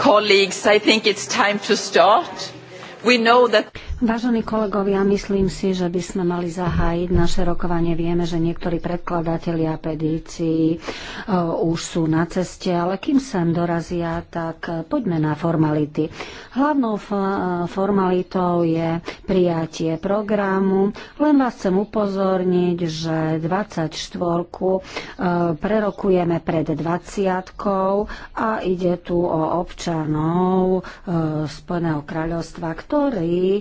Colleagues, I think it is time to start. We know that Vážení kolegovia, myslím si, že by sme mali zahájiť naše rokovanie. Vieme, že niektorí predkladatelia petícií e, už sú na ceste, ale kým sem dorazia, tak e, poďme na formality. Hlavnou formalitou je prijatie programu. Len vás chcem upozorniť, že 24 e, prerokujeme pred 20 a ide tu o občanov Spojeného kráľovstva, ktorí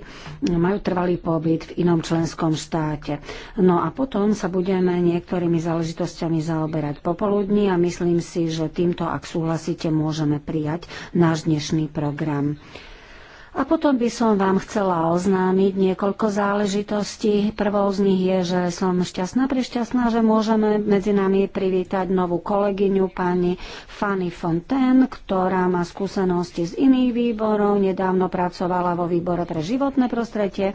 majú trvalý pobyt v inom členskom štáte. No a potom sa budeme niektorými záležitosťami zaoberať popoludní a myslím si, že týmto, ak súhlasíte, môžeme prijať náš dnešný program. A potom by som vám chcela oznámiť niekoľko záležitostí. Prvou z nich je, že som šťastná, prešťastná, že môžeme medzi nami privítať novú kolegyňu pani Fanny Fontaine, ktorá má skúsenosti z iných výborov, nedávno pracovala vo výbore pre životné prostredie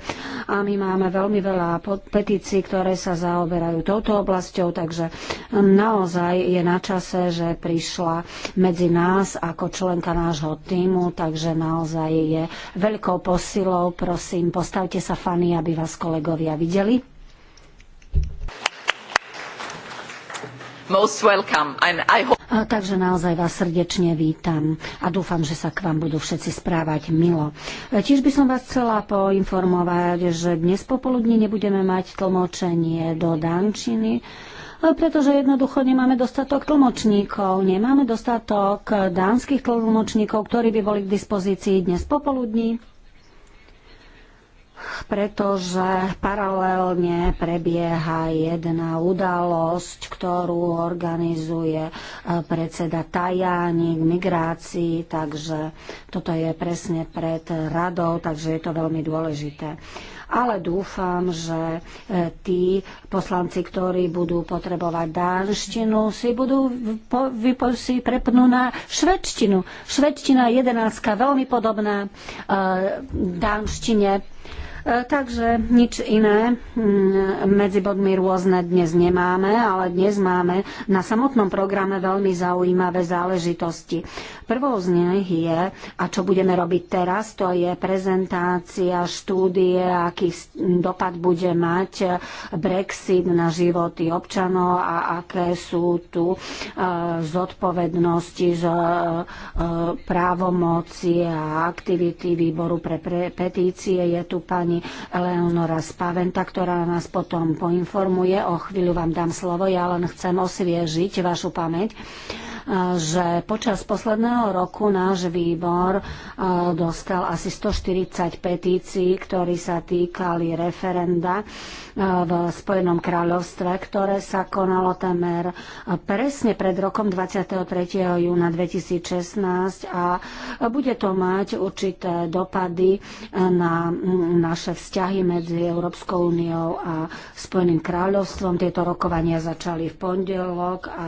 a my máme veľmi veľa petícií, ktoré sa zaoberajú touto oblasťou, takže naozaj je na čase, že prišla medzi nás ako členka nášho týmu, takže naozaj je veľkou posilou. Prosím, postavte sa fany, aby vás kolegovia videli. Most welcome. And I hope... A takže naozaj vás srdečne vítam a dúfam, že sa k vám budú všetci správať milo. E, tiež by som vás chcela poinformovať, že dnes popoludní nebudeme mať tlmočenie do Dančiny, pretože jednoducho nemáme dostatok tlmočníkov, nemáme dostatok dánskych tlmočníkov, ktorí by boli k dispozícii dnes popoludní pretože paralelne prebieha jedna udalosť, ktorú organizuje e, predseda Tajani k migrácii, takže toto je presne pred radou, takže je to veľmi dôležité ale dúfam, že e, tí poslanci, ktorí budú potrebovať dánštinu, si budú si prepnú na švedštinu. Švedština je jedenáctka veľmi podobná e, dánštine. E, takže nič iné mm, medzi bodmi rôzne dnes nemáme, ale dnes máme na samotnom programe veľmi zaujímavé záležitosti. Prvou z nich je, a čo budeme robiť teraz, to je prezentácia štúdie, aký dopad bude mať Brexit na životy občanov a aké sú tu e, zodpovednosti z e, právomoci a aktivity výboru pre petície. Je tu pani pani Eleonora Spaventa, ktorá nás potom poinformuje. O chvíľu vám dám slovo, ja len chcem osviežiť vašu pamäť že počas posledného roku náš výbor e, dostal asi 140 petícií, ktorí sa týkali referenda e, v Spojenom kráľovstve, ktoré sa konalo temer e, presne pred rokom 23. júna 2016 a bude to mať určité dopady na naše vzťahy medzi Európskou úniou a Spojeným kráľovstvom. Tieto rokovania začali v pondelok a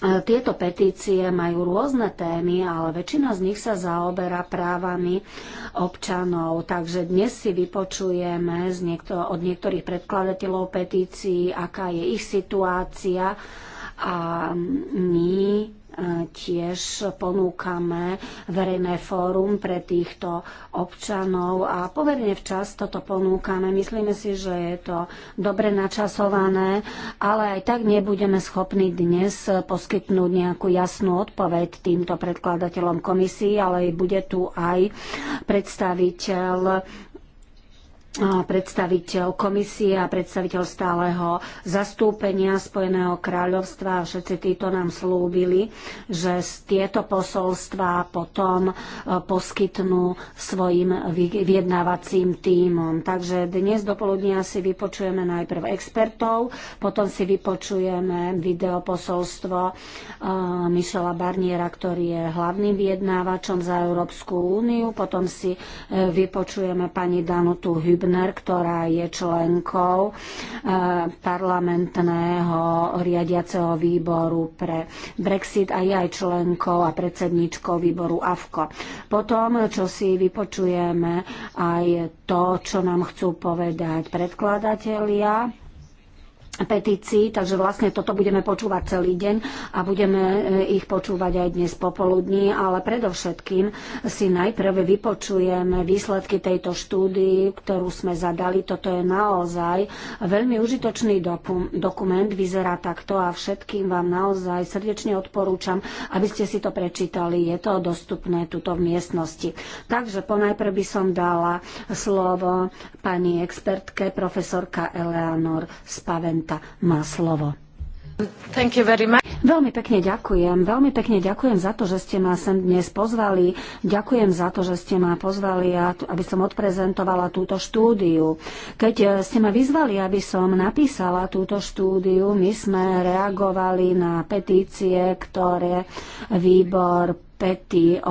tieto petície majú rôzne témy, ale väčšina z nich sa zaoberá právami občanov. Takže dnes si vypočujeme z niekto, od niektorých predkladateľov petícií, aká je ich situácia a my tiež ponúkame verejné fórum pre týchto občanov a pomerne včas toto ponúkame. Myslíme si, že je to dobre načasované, ale aj tak nebudeme schopní dnes poskytnúť nejakú jasnú odpoveď týmto predkladateľom komisii, ale bude tu aj predstaviteľ predstaviteľ komisie a predstaviteľ stáleho zastúpenia Spojeného kráľovstva. Všetci títo nám slúbili, že tieto posolstva potom e, poskytnú svojim vyjednávacím týmom. Takže dnes dopoludnia si vypočujeme najprv expertov, potom si vypočujeme videoposolstvo e, Michela Barniera, ktorý je hlavným vyjednávačom za Európsku úniu, potom si e, vypočujeme pani Danutu Hübner, Hübner, ktorá je členkou eh, parlamentného riadiaceho výboru pre Brexit a je aj členkou a predsedničkou výboru AFKO. Potom, čo si vypočujeme aj to, čo nám chcú povedať predkladatelia, petícií, takže vlastne toto budeme počúvať celý deň a budeme eh, ich počúvať aj dnes popoludní, ale predovšetkým si najprv vypočujeme výsledky tejto štúdii, ktorú sme zadali. Toto je naozaj veľmi užitočný dokument, vyzerá takto a všetkým vám naozaj srdečne odporúčam, aby ste si to prečítali. Je to dostupné tuto v miestnosti. Takže ponajprv by som dala slovo pani expertke profesorka Eleanor Spaven Valenta má slovo. Veľmi pekne ďakujem. Veľmi pekne ďakujem za to, že ste ma sem dnes pozvali. Ďakujem za to, že ste ma pozvali, aby som odprezentovala túto štúdiu. Keď eh, ste ma vyzvali, aby som napísala túto štúdiu, my sme reagovali na petície, ktoré výbor Pety eh,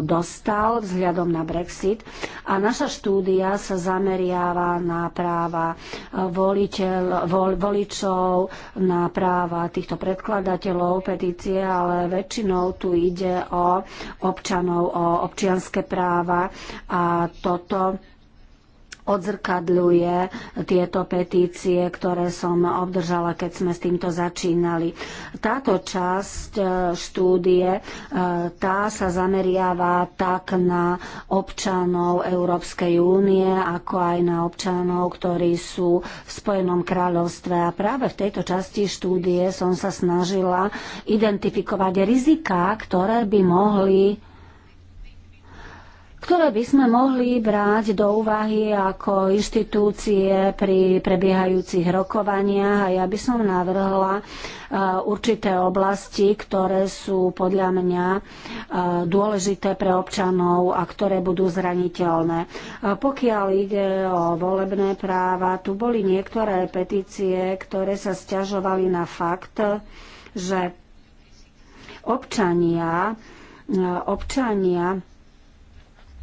dostal vzhľadom na Brexit. A naša štúdia sa zameriava na práva eh, voliteľ, vol, voličov, na práva týchto predkladateľov petície, ale väčšinou tu ide o občanov, o občianské práva a toto odzrkadľuje tieto petície, ktoré som obdržala, keď sme s týmto začínali. Táto časť e, štúdie e, tá sa zameriava tak na občanov Európskej únie, ako aj na občanov, ktorí sú v Spojenom kráľovstve. A práve v tejto časti štúdie som sa snažila identifikovať riziká, ktoré by mohli ktoré by sme mohli brať do úvahy ako inštitúcie pri prebiehajúcich rokovaniach a ja by som navrhla e, určité oblasti, ktoré sú podľa mňa e, dôležité pre občanov a ktoré budú zraniteľné. E, pokiaľ ide o volebné práva, tu boli niektoré petície, ktoré sa stiažovali na fakt, že občania, občania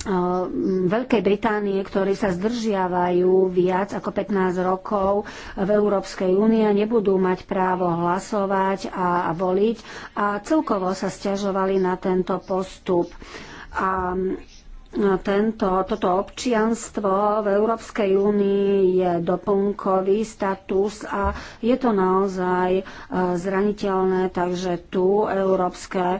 Ehm, Veľkej Británie, ktorí sa zdržiavajú viac ako 15 rokov v Európskej únie, nebudú mať právo hlasovať a, voliť a celkovo sa stiažovali na tento postup. A tento, toto občianstvo v Európskej únii je doplnkový status a je to naozaj e, zraniteľné, takže tu európske e,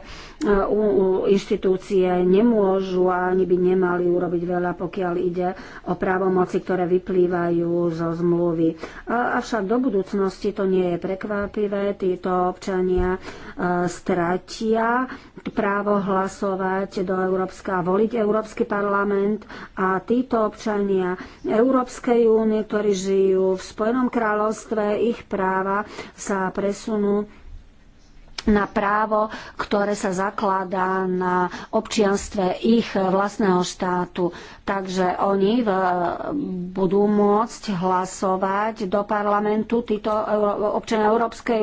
inštitúcie nemôžu a ani by nemali urobiť veľa, pokiaľ ide o právomoci, ktoré vyplývajú zo zmluvy. Avšak do budúcnosti to nie je prekvapivé, títo občania e, stratia právo hlasovať do Európska, voliť Európske Európsky parlament a títo občania Európskej únie, ktorí žijú v Spojenom kráľovstve, ich práva sa presunú na právo, ktoré sa zakladá na občianstve ich vlastného štátu. Takže oni v, budú môcť hlasovať do parlamentu títo občania Európskej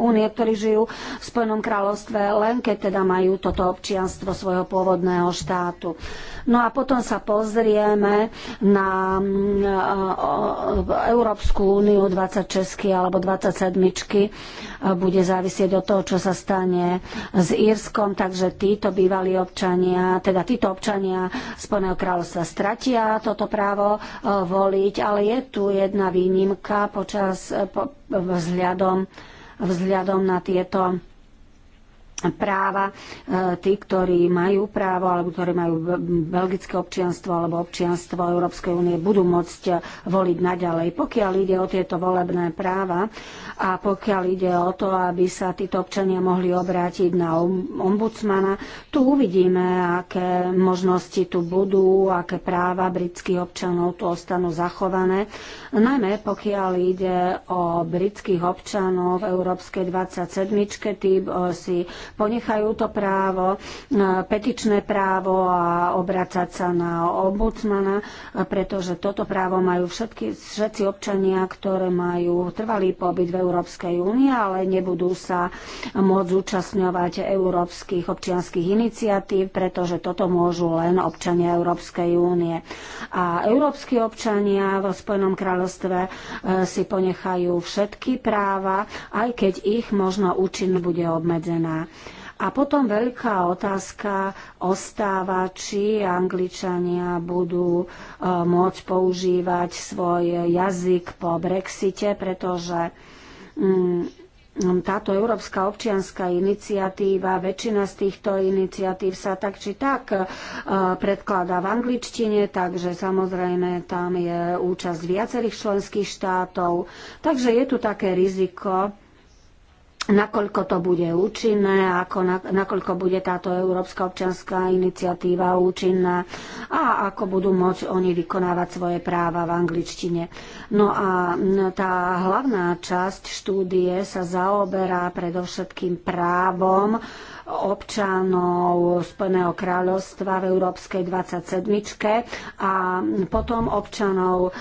únie, ktorí žijú v Spojenom kráľovstve, len keď teda majú toto občianstvo svojho pôvodného štátu. No a potom sa pozrieme na mm, e, e, Európsku úniu 26 alebo 27 e, bude závisieť od toho, čo sa stane s Írskom, takže títo bývalí občania, teda títo občania Spojeného kráľovstva stratia toto právo voliť, ale je tu jedna výnimka počas po, vzhľadom, vzhľadom na tieto práva e, tí, ktorí majú právo alebo ktorí majú belgické občianstvo alebo občianstvo Európskej únie budú môcť voliť naďalej. Pokiaľ ide o tieto volebné práva a pokiaľ ide o to, aby sa títo občania mohli obrátiť na ombudsmana, tu uvidíme, aké možnosti tu budú, aké práva britských občanov tu ostanú zachované. Najmä pokiaľ ide o britských občanov v Európskej 27. tí e, si ponechajú to právo, e, petičné právo a obracať sa na ombudsmana, e, pretože toto právo majú všetky, všetci občania, ktoré majú trvalý pobyt v Európskej únii, ale nebudú sa môcť zúčastňovať európskych občianských iniciatív, pretože toto môžu len občania Európskej únie. A európsky občania v Spojenom kráľovstve e, si ponechajú všetky práva, aj keď ich možno účinnosť bude obmedzená. A potom veľká otázka ostáva, či Angličania budú e, môcť používať svoj jazyk po Brexite, pretože mm, táto Európska občianská iniciatíva, väčšina z týchto iniciatív sa tak či tak e, predkladá v angličtine, takže samozrejme tam je účasť viacerých členských štátov. Takže je tu také riziko, nakoľko to bude účinné, ako na, nakoľko bude táto Európska občianská iniciatíva účinná a ako budú môcť oni vykonávať svoje práva v angličtine. No a tá hlavná časť štúdie sa zaoberá predovšetkým právom občanov Spojeného kráľovstva v Európskej 27 a potom občanov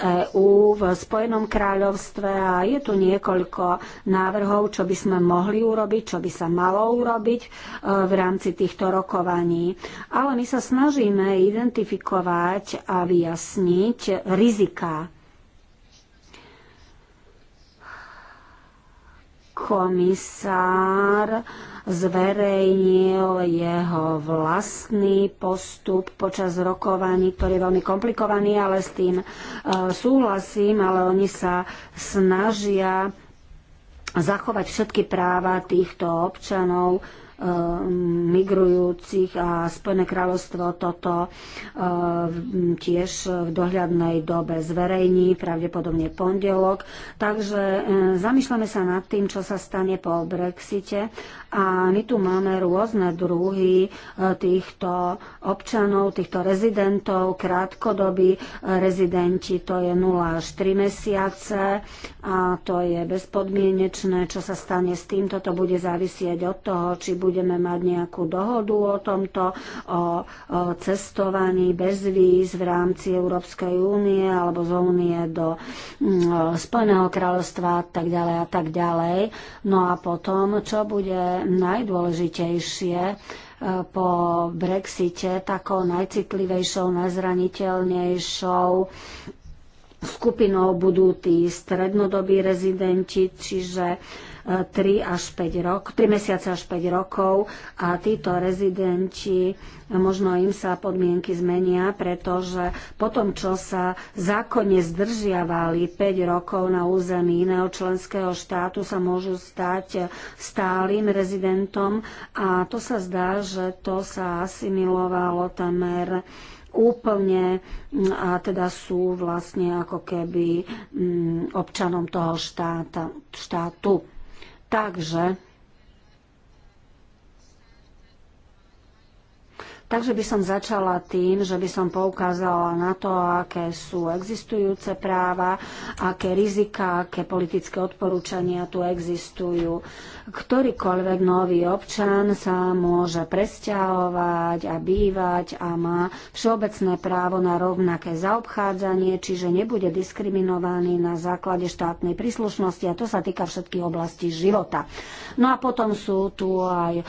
EÚ e v Spojenom kráľovstve a je tu niekoľko návrhov, čo by sme mohli urobiť, čo by sa malo urobiť e, v rámci týchto rokovaní. Ale my sa snažíme identifikovať a vyjasniť rizika komisár zverejnil jeho vlastný postup počas rokovaní, ktorý je veľmi komplikovaný, ale s tým e, súhlasím, ale oni sa snažia zachovať všetky práva týchto občanov, migrujúcich a Spojené kráľovstvo toto e, tiež v dohľadnej dobe zverejní, pravdepodobne pondelok. Takže e, zamýšľame sa nad tým, čo sa stane po Brexite a my tu máme rôzne druhy e, týchto občanov, týchto rezidentov, krátkodobí rezidenti, to je 0 až 3 mesiace a to je bezpodmienečné, čo sa stane s týmto, to bude závisieť od toho, či budeme mať nejakú dohodu o tomto, o, cestovaní bez víz v rámci Európskej únie alebo z únie do mm, Spojeného kráľovstva a tak ďalej a tak ďalej. No a potom, čo bude najdôležitejšie eh, po Brexite takou najcitlivejšou, najzraniteľnejšou skupinou budú tí strednodobí rezidenti, čiže 3 až 5 rok, 3 mesiace až 5 rokov a títo rezidenti, možno im sa podmienky zmenia, pretože po tom, čo sa zákonne zdržiavali 5 rokov na území iného členského štátu, sa môžu stať stálym rezidentom a to sa zdá, že to sa asimilovalo tamer úplne a teda sú vlastne ako keby mm, občanom toho štáta, štátu. Takže Takže by som začala tým, že by som poukázala na to, aké sú existujúce práva, aké rizika, aké politické odporúčania tu existujú ktorýkoľvek nový občan sa môže presťahovať a bývať a má všeobecné právo na rovnaké zaobchádzanie, čiže nebude diskriminovaný na základe štátnej príslušnosti a to sa týka všetkých oblastí života. No a potom sú tu aj e,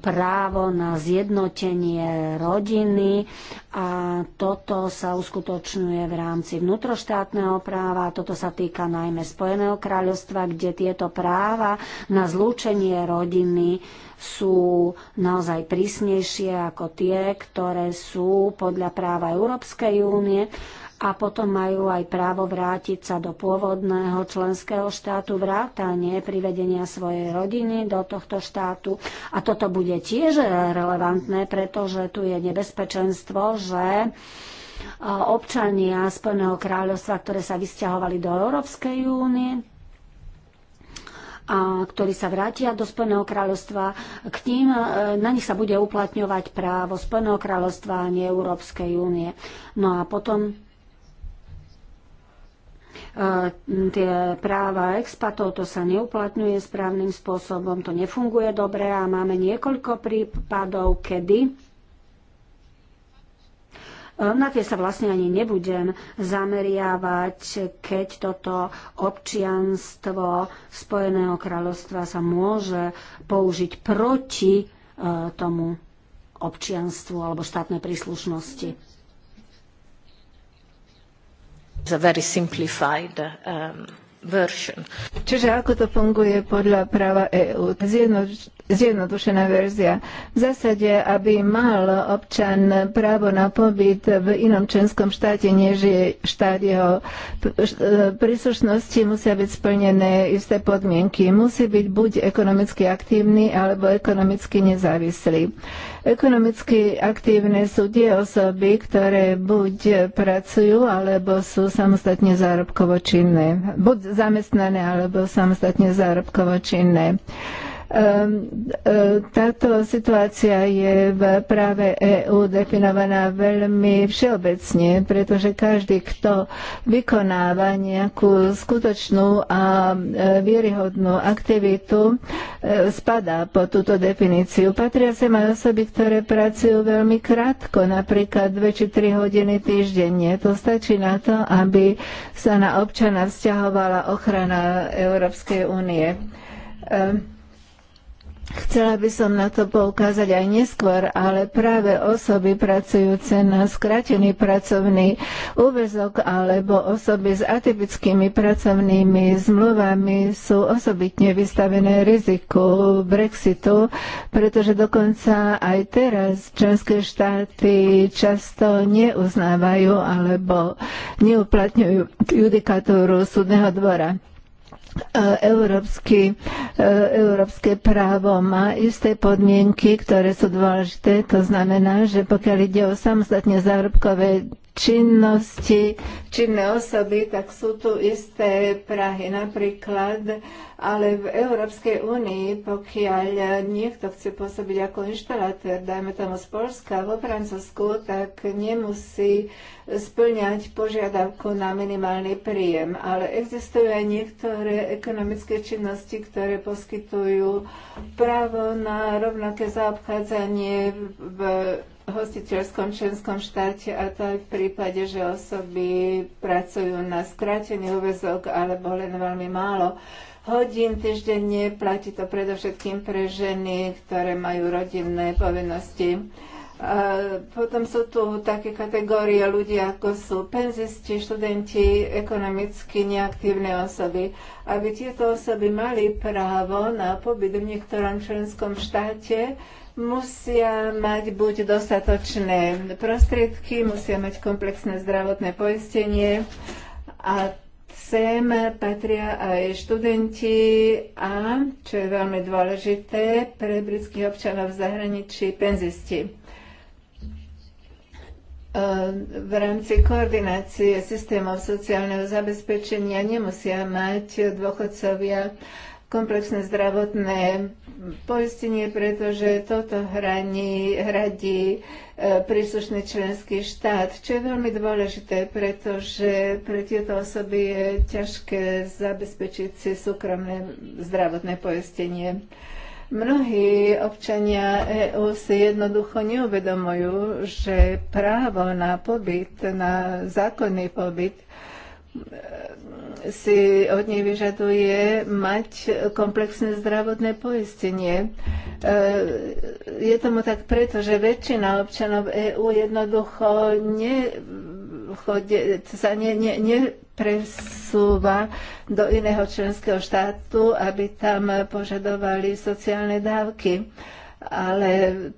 právo na zjednotenie rodiny a toto sa uskutočňuje v rámci vnútroštátneho práva a toto sa týka najmä Spojeného kráľovstva, kde tieto práva na zlu zlúčenie rodiny sú naozaj prísnejšie ako tie, ktoré sú podľa práva Európskej únie a potom majú aj právo vrátiť sa do pôvodného členského štátu vrátane privedenia svojej rodiny do tohto štátu. A toto bude tiež relevantné, pretože tu je nebezpečenstvo, že e, občania Spojeného kráľovstva, ktoré sa vysťahovali do Európskej únie, a ktorí sa vrátia do Spojeného kráľovstva, k tým e, na nich sa bude uplatňovať právo Spojeného kráľovstva a nie Európskej únie. No a potom e, tie práva expatov, to sa neuplatňuje správnym spôsobom, to nefunguje dobre a máme niekoľko prípadov, kedy na tie sa vlastne ani nebudem zameriavať, keď toto občianstvo Spojeného kráľovstva sa môže použiť proti e, tomu občianstvu alebo štátnej príslušnosti. Um, Čiže ako to funguje podľa práva EÚ? Zjednoč zjednodušená verzia. V zásade, aby mal občan právo na pobyt v inom členskom štáte, než je štát jeho príslušnosti, musia byť splnené isté podmienky. Musí byť buď ekonomicky aktívny, alebo ekonomicky nezávislý. Ekonomicky aktívne sú tie osoby, ktoré buď pracujú, alebo sú samostatne zárobkovo činné. Buď zamestnané, alebo samostatne zárobkovo činné. Ehm, e, táto situácia je v práve EÚ definovaná veľmi všeobecne, pretože každý, kto vykonáva nejakú skutočnú a e, vieryhodnú aktivitu, e, spadá po túto definíciu. Patria sem aj osoby, ktoré pracujú veľmi krátko, napríklad 2 či 3 hodiny týždenne. To stačí na to, aby sa na občana vzťahovala ochrana Európskej únie. Um, Chcela by som na to poukázať aj neskôr, ale práve osoby pracujúce na skratený pracovný úvezok alebo osoby s atypickými pracovnými zmluvami sú osobitne vystavené riziku Brexitu, pretože dokonca aj teraz členské štáty často neuznávajú alebo neuplatňujú judikatúru súdneho dvora. E, európsky, e, európske právo má isté podmienky, ktoré sú dôležité. To znamená, že pokiaľ ide o samostatne zárobkové činnosti, činné osoby, tak sú tu isté Prahy. Napríklad, ale v Európskej únii, pokiaľ niekto chce pôsobiť ako inštalatér, dajme tomu z Polska, vo Francúzsku, tak nemusí splňať požiadavku na minimálny príjem. Ale existujú aj niektoré ekonomické činnosti, ktoré poskytujú právo na rovnaké zaobchádzanie v hostiteľskom členskom štáte a to aj v prípade, že osoby pracujú na skrátený úvezok alebo len veľmi málo hodín týždenne. Platí to predovšetkým pre ženy, ktoré majú rodinné povinnosti. A potom sú tu také kategórie ľudí, ako sú penzisti, študenti, ekonomicky neaktívne osoby. Aby tieto osoby mali právo na pobyt v niektorom členskom štáte, musia mať buď dostatočné prostriedky, musia mať komplexné zdravotné poistenie a sem patria aj študenti a, čo je veľmi dôležité, pre britských občanov v zahraničí penzisti. E, v rámci koordinácie systémov sociálneho zabezpečenia nemusia mať dôchodcovia komplexné zdravotné poistenie, pretože toto hraní, hradí e, príslušný členský štát, čo je veľmi dôležité, pretože pre tieto osoby je ťažké zabezpečiť si súkromné zdravotné poistenie. Mnohí občania EÚ si jednoducho neuvedomujú, že právo na pobyt, na zákonný pobyt si od nej vyžaduje mať komplexné zdravotné poistenie. E, je tomu tak preto, že väčšina občanov EÚ jednoducho ne, chode, sa ne, ne, nepresúva do iného členského štátu, aby tam požadovali sociálne dávky. Ale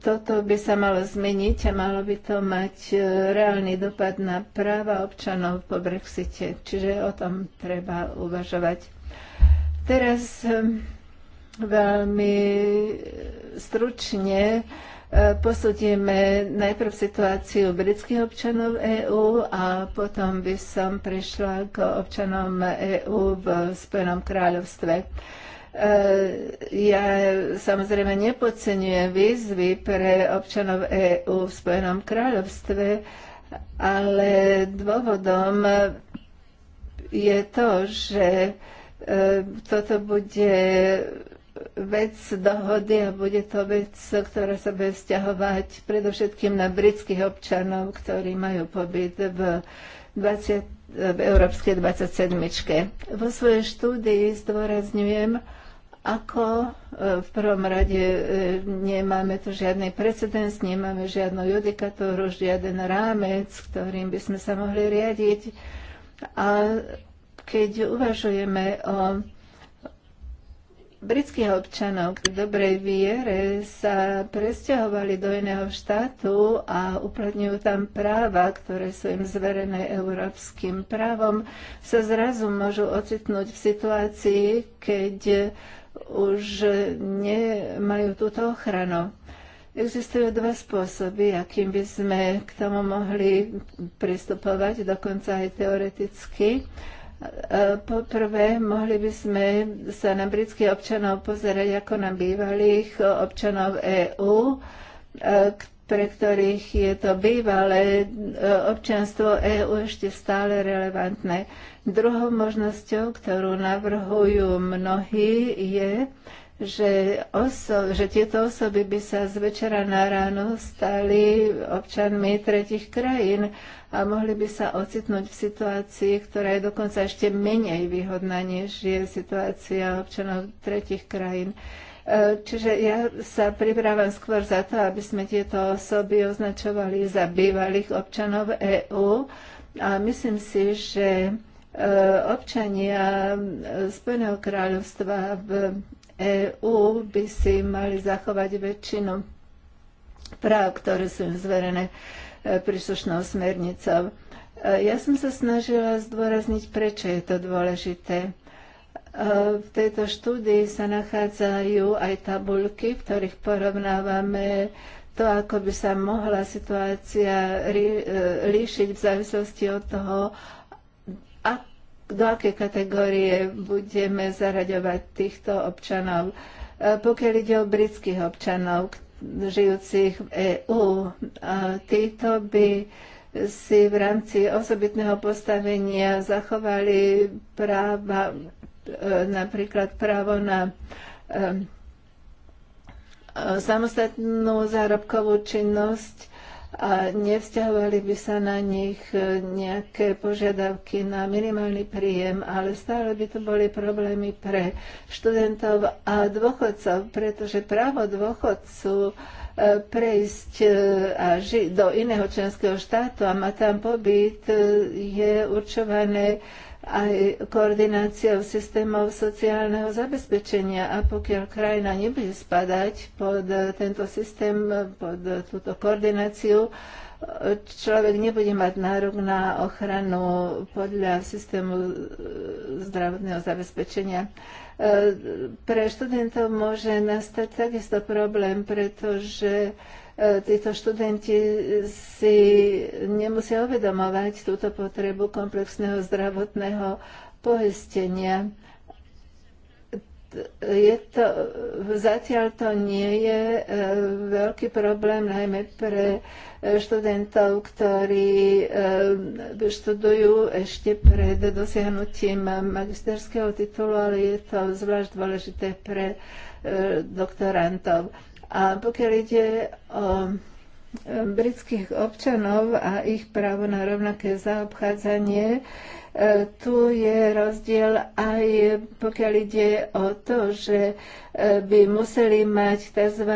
toto by sa malo zmeniť a malo by to mať e, reálny dopad na práva občanov po Brexite. Čiže o tom treba uvažovať. Teraz e, veľmi e, stručne posúdime najprv situáciu britských občanov EÚ a potom by som prišla k občanom EÚ v Spojenom kráľovstve. E, ja samozrejme nepodceňujem výzvy pre občanov EÚ v Spojenom kráľovstve, ale dôvodom je to, že e, toto bude vec dohody a bude to vec, ktorá sa bude vzťahovať predovšetkým na britských občanov, ktorí majú pobyt v, 20, v Európskej 27. Vo svojej štúdii zdôrazňujem, ako e, v prvom rade e, nemáme tu žiadny precedens, nemáme žiadnu judikatúru, žiaden rámec, ktorým by sme sa mohli riadiť. A keď uvažujeme o britských občanov, ktorí dobrej viere sa presťahovali do iného štátu a uplatňujú tam práva, ktoré sú im zverené európskym právom, sa zrazu môžu ocitnúť v situácii, keď už nemajú túto ochranu. Existujú dva spôsoby, akým by sme k tomu mohli pristupovať, dokonca aj teoreticky. E, poprvé, mohli by sme sa na britských občanov pozerať ako na bývalých občanov EÚ, e, pre ktorých je to bývalé e, občanstvo EÚ ešte stále relevantné. Druhou možnosťou, ktorú navrhujú mnohí, je, že, oso- že tieto osoby by sa z večera na ráno stali občanmi tretich krajín a mohli by sa ocitnúť v situácii, ktorá je dokonca ešte menej výhodná, než je situácia občanov tretich krajín. E, čiže ja sa pripravám skôr za to, aby sme tieto osoby označovali za bývalých občanov EÚ a myslím si, že E, občania e, Spojeného kráľovstva v EÚ by si mali zachovať väčšinu práv, ktoré sú im zverené e, príslušnou smernicou. Ja som sa snažila zdôrazniť, prečo je to dôležité. V tejto štúdii sa nachádzajú aj tabulky, v ktorých porovnávame to, ako by sa mohla situácia líšiť v závislosti od toho, a do aké kategórie budeme zaraďovať týchto občanov. E, pokiaľ ide o britských občanov žijúcich v EÚ, e, títo by si v rámci osobitného postavenia zachovali práva, e, napríklad právo na samostatnú zárobkovú činnosť a nevzťahovali by sa na nich e, nejaké požiadavky na minimálny príjem, ale stále by to boli problémy pre študentov a dôchodcov, pretože právo dôchodcu e, prejsť e, a žiť do iného členského štátu a mať tam pobyt je určované aj koordináciou systémov sociálneho zabezpečenia. A pokiaľ krajina nebude spadať pod tento systém, pod túto koordináciu, človek nebude mať nárok na ochranu podľa systému zdravotného zabezpečenia. E, pre študentov môže nastať takisto problém, pretože E, títo študenti si nemusia uvedomovať túto potrebu komplexného zdravotného poistenia. Je to, zatiaľ to nie je e, veľký problém, najmä pre e, študentov, ktorí študujú ešte pred dosiahnutím magisterského titulu, ale je to zvlášť dôležité pre doktorantov. A pokiaľ ide o um, britských občanov a ich právo na rovnaké zaobchádzanie, e, tu je rozdiel aj pokiaľ ide o to, že e, by museli mať tzv.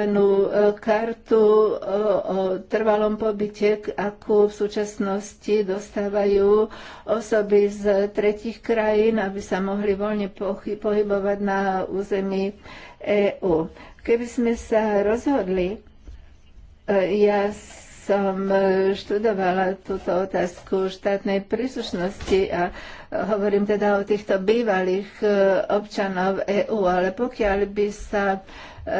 kartu e, o trvalom pobyte, akú v súčasnosti dostávajú osoby z tretich krajín, aby sa mohli voľne pohybovať na území EÚ. Keby sme sa rozhodli, e, ja som študovala túto otázku štátnej príslušnosti a hovorím teda o týchto bývalých e, občanov EÚ, ale pokiaľ by sa E,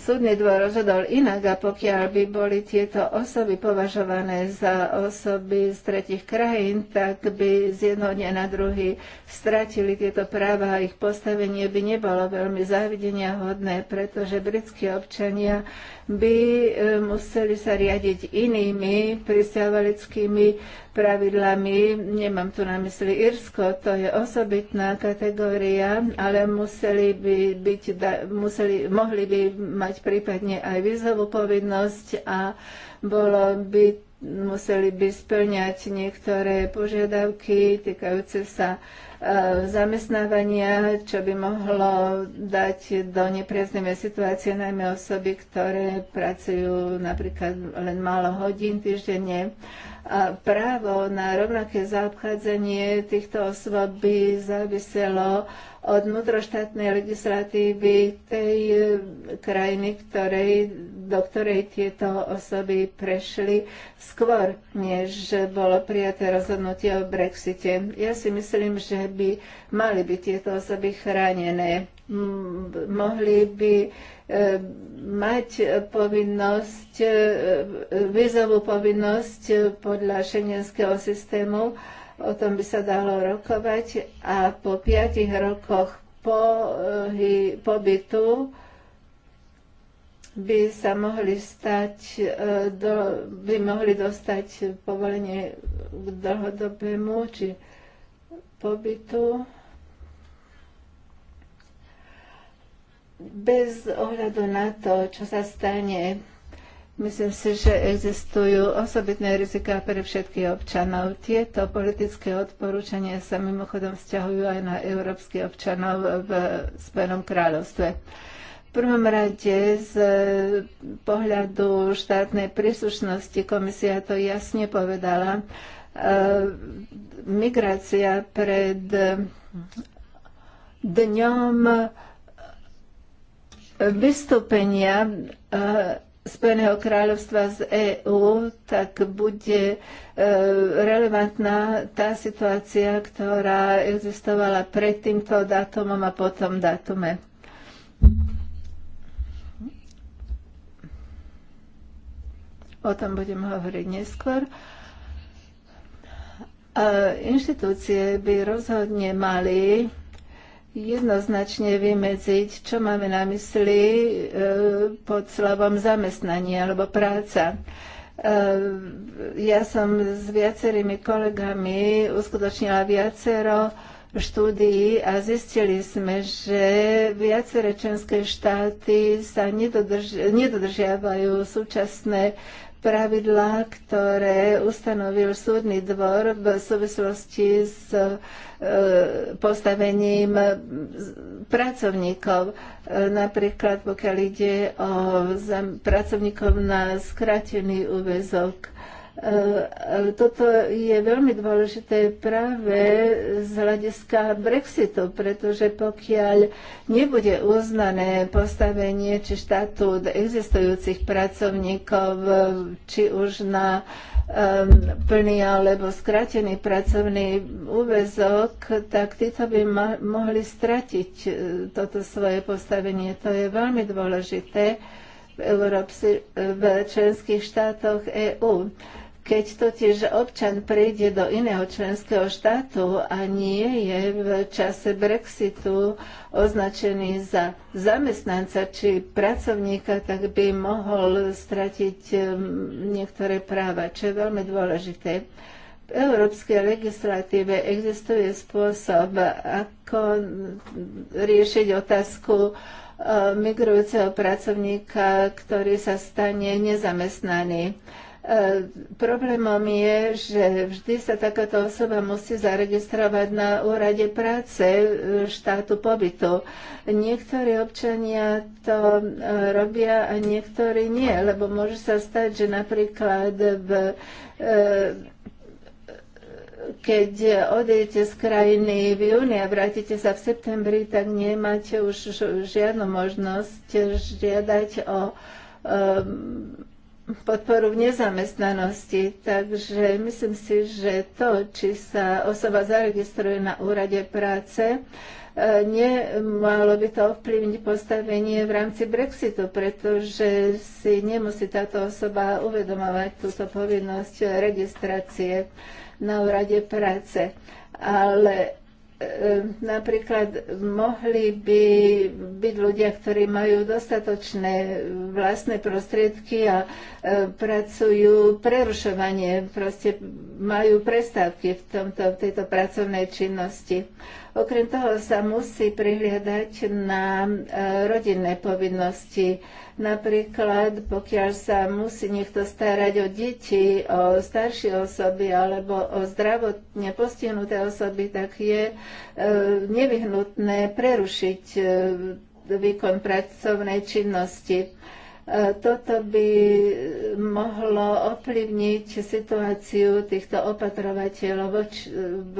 súdny dvor rozhodol inak a pokiaľ by boli tieto osoby považované za osoby z tretich krajín, tak by z jednoho dňa na druhý stratili tieto práva a ich postavenie by nebolo veľmi závidenia hodné, pretože britskí občania by e, museli sa riadiť inými pristávalickými pravidlami. Nemám tu na mysli Irsko, to je osobitná kategória, ale museli by byť museli, mohli by mať prípadne aj vízovú povinnosť a bolo by museli by splňať niektoré požiadavky týkajúce sa Eh, zamestnávania, čo by mohlo dať do nepriaznevej situácie najmä osoby, ktoré pracujú napríklad len málo hodín týždenne. A právo na rovnaké zaobchádzanie týchto osôb by záviselo od vnútroštátnej legislatívy tej eh, krajiny, ktorej, do ktorej tieto osoby prešli skôr, než bolo prijaté rozhodnutie o Brexite. Ja si myslím, že by mali by tieto osoby chránené. Mohli by e, mať povinnosť, e, vízovú povinnosť podľa šengenského systému, o tom by sa dalo rokovať a po piatich rokoch pohy, pobytu by sa mohli stať, e, by mohli dostať povolenie k dlhodobému či pobytu bez ohľadu na to, čo sa stane. Myslím si, že existujú osobitné riziká pre všetkých občanov. Tieto politické odporúčania sa mimochodom vzťahujú aj na európskych občanov v Spojenom kráľovstve. V prvom rade z pohľadu štátnej príslušnosti komisia to jasne povedala, Ehm, migrácia pred dňom vystúpenia eh, Spojeného kráľovstva z EÚ, tak bude eh, relevantná tá situácia, ktorá existovala pred týmto dátumom a potom dátume. O tom budem hovoriť neskôr. Uh, Inštitúcie by rozhodne mali jednoznačne vymedziť, čo máme na mysli e, pod slovom zamestnanie alebo práca. E, ja som s viacerými kolegami uskutočnila viacero štúdií a zistili sme, že viaceré členské štáty sa nedodržiavajú súčasné pravidlá, ktoré ustanovil súdny dvor v súvislosti s e, postavením pracovníkov. Napríklad pokiaľ ide o pracovníkov na skratený úvezok E, e, toto je veľmi dôležité práve z hľadiska Brexitu, pretože pokiaľ nebude uznané postavenie či štatút existujúcich pracovníkov, e, či už na plný alebo skrátený pracovný úvezok, tak títo by mohli stratiť toto svoje postavenie. To je veľmi dôležité v, Európsi, v členských štátoch EÚ. EU. Keď totiž občan prejde do iného členského štátu a nie je v čase Brexitu označený za zamestnanca či pracovníka, tak by mohol stratiť um, niektoré práva, čo je veľmi dôležité. V európskej legislatíve existuje spôsob, ako riešiť otázku uh, migrujúceho pracovníka, ktorý sa stane nezamestnaný E, problémom je, že vždy sa takáto osoba musí zaregistrovať na úrade práce e, štátu pobytu. Niektorí občania to e, robia a niektorí nie, lebo môže sa stať, že napríklad v keď odejete z krajiny v júni a vrátite sa v septembri, tak nemáte už žiadnu možnosť žiadať o um, podporu v nezamestnanosti. Takže myslím si, že to, či sa osoba zaregistruje na úrade práce, e, nemalo by to ovplyvniť postavenie v rámci Brexitu, pretože si nemusí táto osoba uvedomovať túto povinnosť registrácie na úrade práce. Ale Ehm, napríklad mohli by byť ľudia, ktorí majú dostatočné vlastné prostriedky a e, pracujú prerušovanie, proste majú prestávky v, tomto, v tejto pracovnej činnosti. Okrem toho sa musí prihliadať na e, rodinné povinnosti. Napríklad, pokiaľ sa musí niekto starať o deti, o staršie osoby alebo o zdravotne postihnuté osoby, tak je e, nevyhnutné prerušiť e, výkon pracovnej činnosti. Toto by mohlo ovplyvniť situáciu týchto opatrovateľov v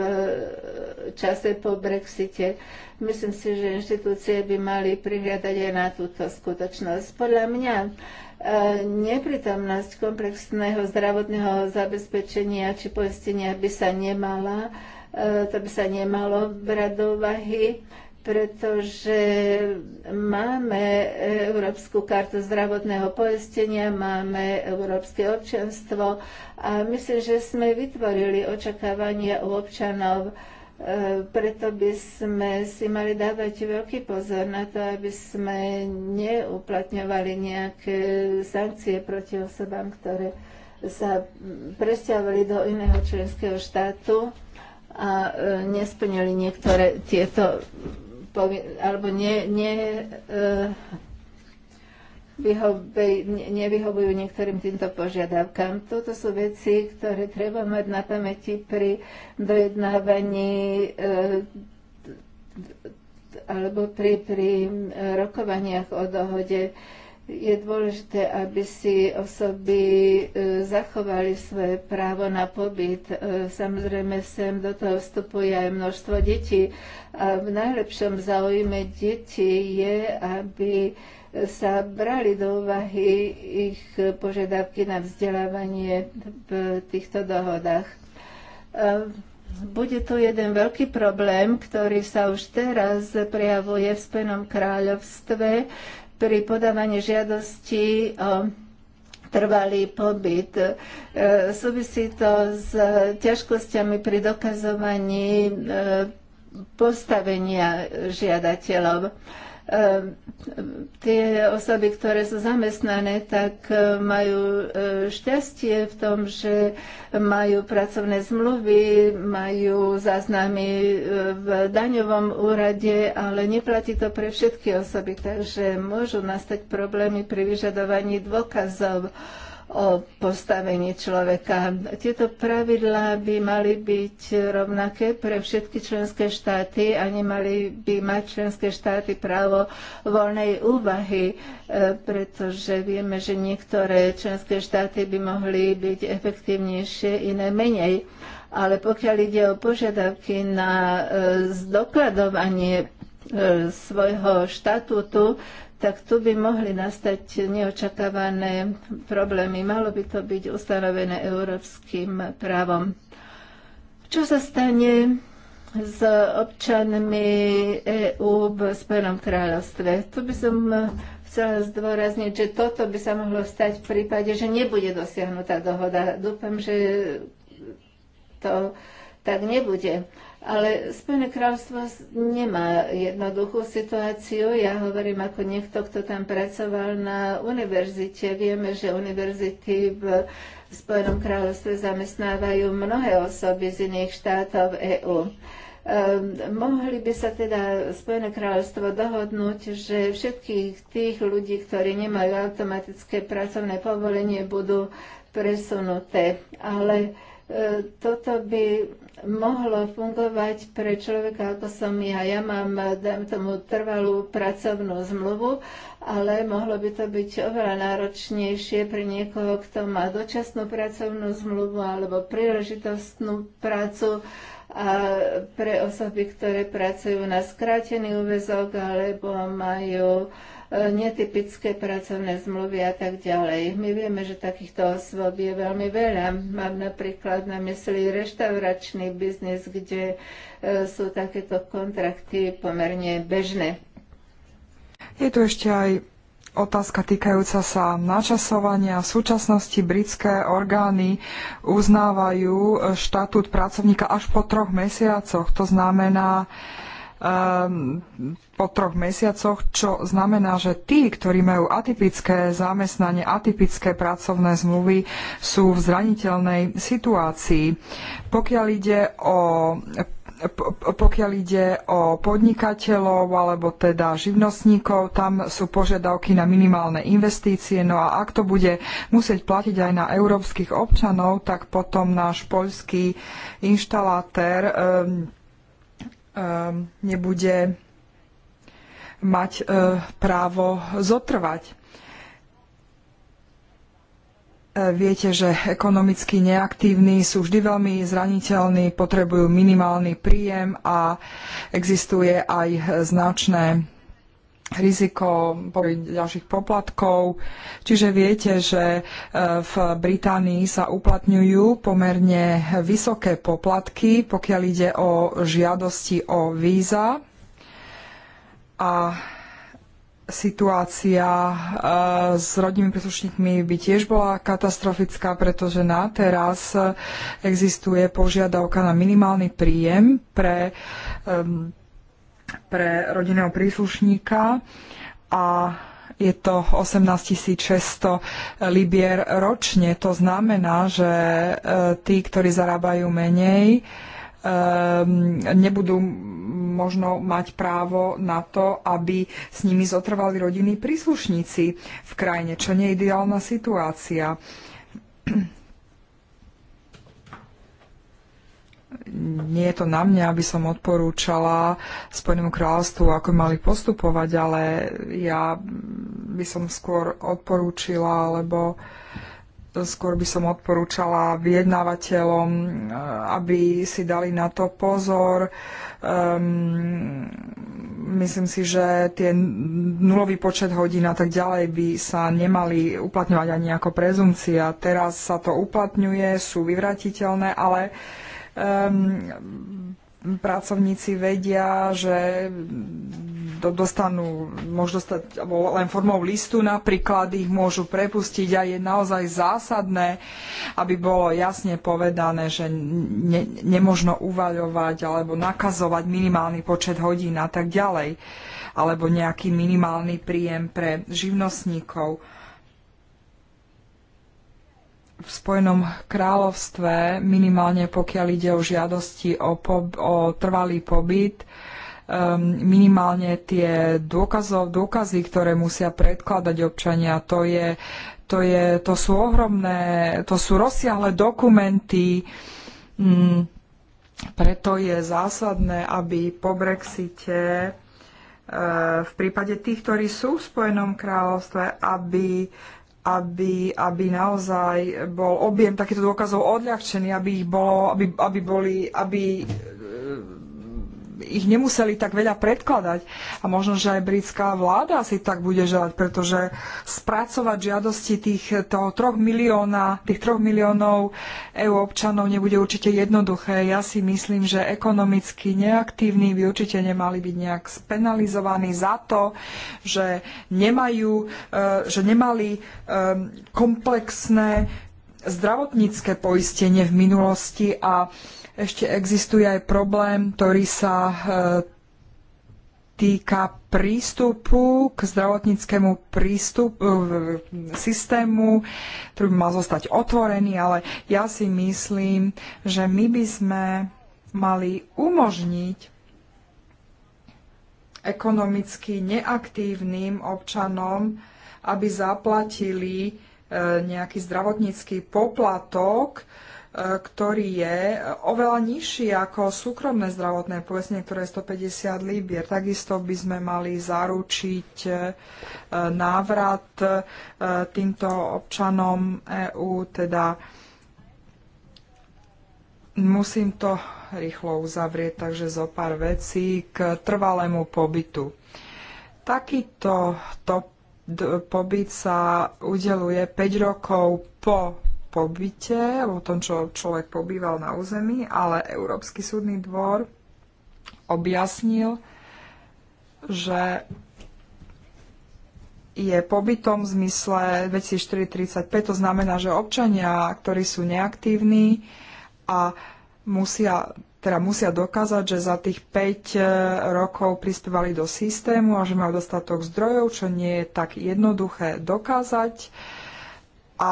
čase po Brexite. Myslím si, že inštitúcie by mali prihľadať aj na túto skutočnosť. Podľa mňa e, neprítomnosť komplexného zdravotného zabezpečenia či poistenia by sa nemala, e, to by sa nemalo brať do uvahy pretože máme e, Európsku kartu zdravotného poistenia, máme Európske občanstvo a myslím, že sme vytvorili očakávania u občanov. E, preto by sme si mali dávať veľký pozor na to, aby sme neuplatňovali nejaké sankcie proti osobám, ktoré sa presťahovali do iného členského štátu a e, nesplnili niektoré tieto alebo ne, ne, eh, ne, nevyhovujú niektorým týmto požiadavkám. Toto sú veci, ktoré treba mať na pamäti pri dojednávaní eh, alebo pri, pri rokovaniach o dohode je dôležité, aby si osoby e, zachovali svoje právo na pobyt. E, samozrejme, sem do toho vstupuje aj množstvo detí. A v najlepšom záujme detí je, aby sa brali do úvahy ich požiadavky na vzdelávanie v týchto dohodách. E, bude tu jeden veľký problém, ktorý sa už teraz prejavuje v Spenom kráľovstve, pri podávaní žiadosti o trvalý pobyt. E, súvisí to s ťažkosťami pri dokazovaní e, postavenia žiadateľov. Ehm, tie osoby, ktoré sú zamestnané, tak e, majú e, šťastie v tom, že majú pracovné zmluvy, majú záznamy e, v daňovom úrade, ale neplatí to pre všetky osoby, takže môžu nastať problémy pri vyžadovaní dôkazov o postavení človeka. Tieto pravidlá by mali byť rovnaké pre všetky členské štáty a nemali by mať členské štáty právo voľnej úvahy, e, pretože vieme, že niektoré členské štáty by mohli byť efektívnejšie, iné menej. Ale pokiaľ ide o požiadavky na e, zdokladovanie e, svojho štatútu, tak tu by mohli nastať neočakávané problémy. Malo by to byť ustanovené európskym právom. Čo sa stane s občanmi EÚ v Spojenom kráľovstve? Tu by som chcela zdôrazniť, že toto by sa mohlo stať v prípade, že nebude dosiahnutá dohoda. Dúfam, že to tak nebude. Ale Spojené kráľstvo nemá jednoduchú situáciu. Ja hovorím ako niekto, kto tam pracoval na univerzite. Vieme, že univerzity v Spojenom kráľovstve zamestnávajú mnohé osoby z iných štátov EÚ. Um, ehm, mohli by sa teda Spojené kráľovstvo dohodnúť, že všetkých tých ľudí, ktorí nemajú automatické pracovné povolenie, budú presunuté. Ale ehm, toto by mohlo fungovať pre človeka, ako som ja. Ja mám, dám tomu, trvalú pracovnú zmluvu, ale mohlo by to byť oveľa náročnejšie pre niekoho, kto má dočasnú pracovnú zmluvu alebo príležitostnú prácu a pre osoby, ktoré pracujú na skrátený úvezok alebo majú uh, E, netypické pracovné zmluvy a tak ďalej. My vieme, že takýchto osôb je veľmi veľa. Mám napríklad na mysli reštauračný biznis, kde e, sú takéto kontrakty pomerne bežné. Je tu ešte aj otázka týkajúca sa načasovania. V súčasnosti britské orgány uznávajú štatút pracovníka až po troch mesiacoch. To znamená, Ehm, po troch mesiacoch, čo znamená, že tí, ktorí majú atypické zamestnanie, atypické pracovné zmluvy, sú v zraniteľnej situácii. Pokiaľ ide o pokiaľ ide o podnikateľov alebo teda živnostníkov, tam sú požiadavky na minimálne investície. No a ak to bude musieť platiť aj na európskych občanov, tak potom náš poľský inštalátor um, ehm, Ehm, nebude mať eh, právo zotrvať. Eh, viete, že ekonomicky neaktívni sú vždy veľmi zraniteľní, potrebujú minimálny príjem a existuje aj značné riziko ďalších poplatkov. Čiže viete, že e, v Británii sa uplatňujú pomerne vysoké poplatky, pokiaľ ide o žiadosti o víza. A situácia e, s rodinnými príslušníkmi by tiež bola katastrofická, pretože na teraz e, existuje požiadavka na minimálny príjem pre pre rodinného príslušníka a je to 18 600 libier ročne. To znamená, že e, tí, ktorí zarábajú menej, e, nebudú možno mať právo na to, aby s nimi zotrvali rodinní príslušníci v krajine, čo nie je ideálna situácia. nie je to na mňa, aby som odporúčala Spojenému kráľovstvu, ako mali postupovať, ale ja by som skôr odporúčila, alebo skôr by som odporúčala vyjednávateľom, eh, aby si dali na to pozor. Um, myslím si, že tie nulový počet hodín a tak ďalej by sa nemali uplatňovať ani ako prezumcia. Teraz sa to uplatňuje, sú vyvratiteľné, ale uh, um, pracovníci vedia, že dostanú, môžu dostať len formou listu napríklad, ich môžu prepustiť a je naozaj zásadné, aby bolo jasne povedané, že ne, nemôžno uvaľovať alebo nakazovať minimálny počet hodín a tak ďalej, alebo nejaký minimálny príjem pre živnostníkov v Spojenom kráľovstve, minimálne pokiaľ ide o žiadosti o, po, o trvalý pobyt, um, minimálne tie dôkazov, dôkazy, ktoré musia predkladať občania, to, je, to, je, to sú ohromné, to sú rozsiahle dokumenty, um, preto je zásadné, aby po Brexite uh, v prípade tých, ktorí sú v Spojenom kráľovstve, aby aby, aby naozaj bol objem takýchto dôkazov odľahčený, aby ich bolo, aby, aby boli, aby ich nemuseli tak veľa predkladať. A možno, že aj britská vláda si tak bude želať, pretože spracovať žiadosti tých, toho 3 milióna, tých troch miliónov EU občanov nebude určite jednoduché. Ja si myslím, že ekonomicky neaktívni by určite nemali byť nejak spenalizovaní za to, že nemajú, eh, že nemali eh, komplexné zdravotnícke poistenie v minulosti a ešte existuje aj problém, ktorý sa e, týka prístupu k zdravotníckému prístupu, e, systému, ktorý by mal zostať otvorený, ale ja si myslím, že my by sme mali umožniť ekonomicky neaktívnym občanom, aby zaplatili e, nejaký zdravotnícky poplatok, E, ktorý je oveľa nižší ako súkromné zdravotné poistenie, ktoré je 150 libier. Takisto by sme mali zaručiť e, návrat e, týmto občanom EÚ, teda musím to rýchlo uzavrieť, takže zo pár vecí k trvalému pobytu. Takýto to pobyt sa udeluje 5 rokov po pobyte, o tom, čo človek pobýval na území, ale Európsky súdny dvor objasnil, že je pobytom v zmysle 2435, to znamená, že občania, ktorí sú neaktívni a musia, teda musia dokázať, že za tých 5 e, rokov prispievali do systému a že majú dostatok zdrojov, čo nie je tak jednoduché dokázať. Uh, a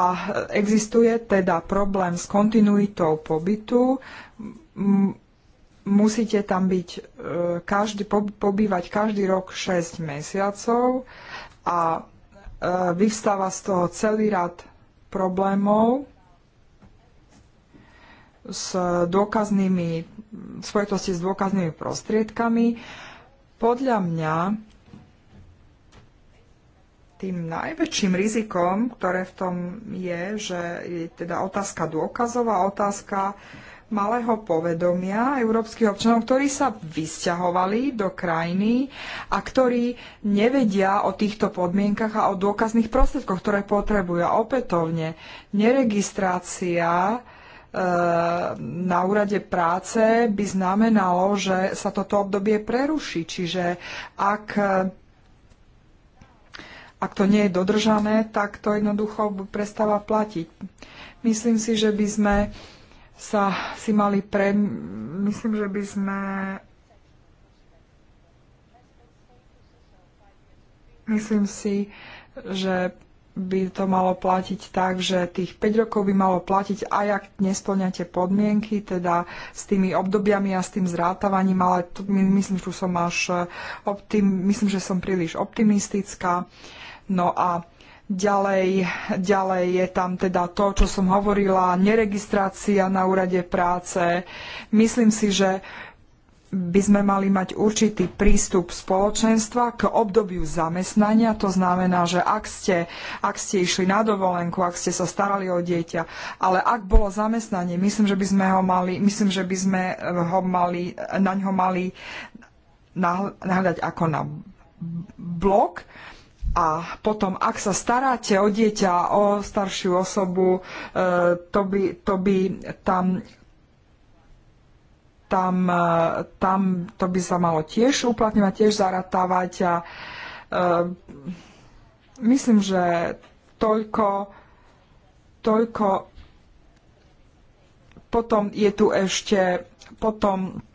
existuje teda problém s kontinuitou pobytu. Musíte tam byť e, každý, pobývať každý rok 6 mesiacov a e, vyvstáva z toho celý rad problémov s dôkaznými, v spojitosti s dôkaznými prostriedkami. Podľa mňa tým najväčším rizikom, ktoré v tom je, že je teda otázka dôkazová, otázka malého povedomia európskych občanov, ktorí sa vysťahovali do krajiny a ktorí nevedia o týchto podmienkach a o dôkazných prostriedkoch, ktoré potrebujú. A opätovne, neregistrácia e, na úrade práce by znamenalo, že sa toto obdobie preruší. Čiže ak ak to nie je dodržané, tak to jednoducho prestáva platiť. Myslím si, že by sme sa si mali pre... Myslím, že by sme Myslím si, že by to malo platiť tak, že tých 5 rokov by malo platiť aj ak nesplňate podmienky, teda s tými obdobiami a s tým zrátavaním, ale tu, myslím, že som až optim, myslím, že som príliš optimistická. Uh, No a Ďalej, ďalej je tam teda to, čo som hovorila, neregistrácia na úrade práce. Myslím si, že by sme mali mať určitý prístup spoločenstva k obdobiu zamestnania. To znamená, že ak ste, ak ste išli na dovolenku, ak ste sa starali o dieťa, ale ak bolo zamestnanie, myslím, že by sme ho mali, myslím, že by sme ho mali, na ňo mali nahľadať ako na blok, a potom, ak sa staráte o dieťa, o staršiu osobu, e, to by, to by tam tam, e, tam to by sa malo tiež uplatňovať, tiež zaratávať a e, myslím, že toľko, toľko potom je tu ešte potom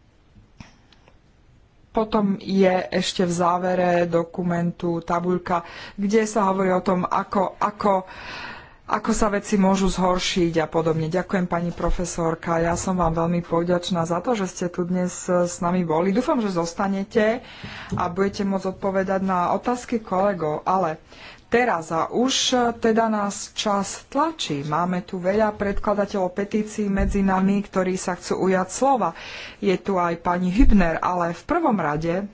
potom je ešte v závere dokumentu tabuľka, kde sa hovorí o tom, ako, ako, ako sa veci môžu zhoršiť a podobne. Ďakujem pani profesorka, ja som vám veľmi poďačná za to, že ste tu dnes e, s nami boli. Dúfam, že zostanete a budete môcť odpovedať na otázky kolegov, ale teraz a už e, teda nás čas tlačí. Máme tu veľa predkladateľov petícií medzi nami, ktorí sa chcú ujať slova. Je tu aj pani Hübner, ale v prvom rade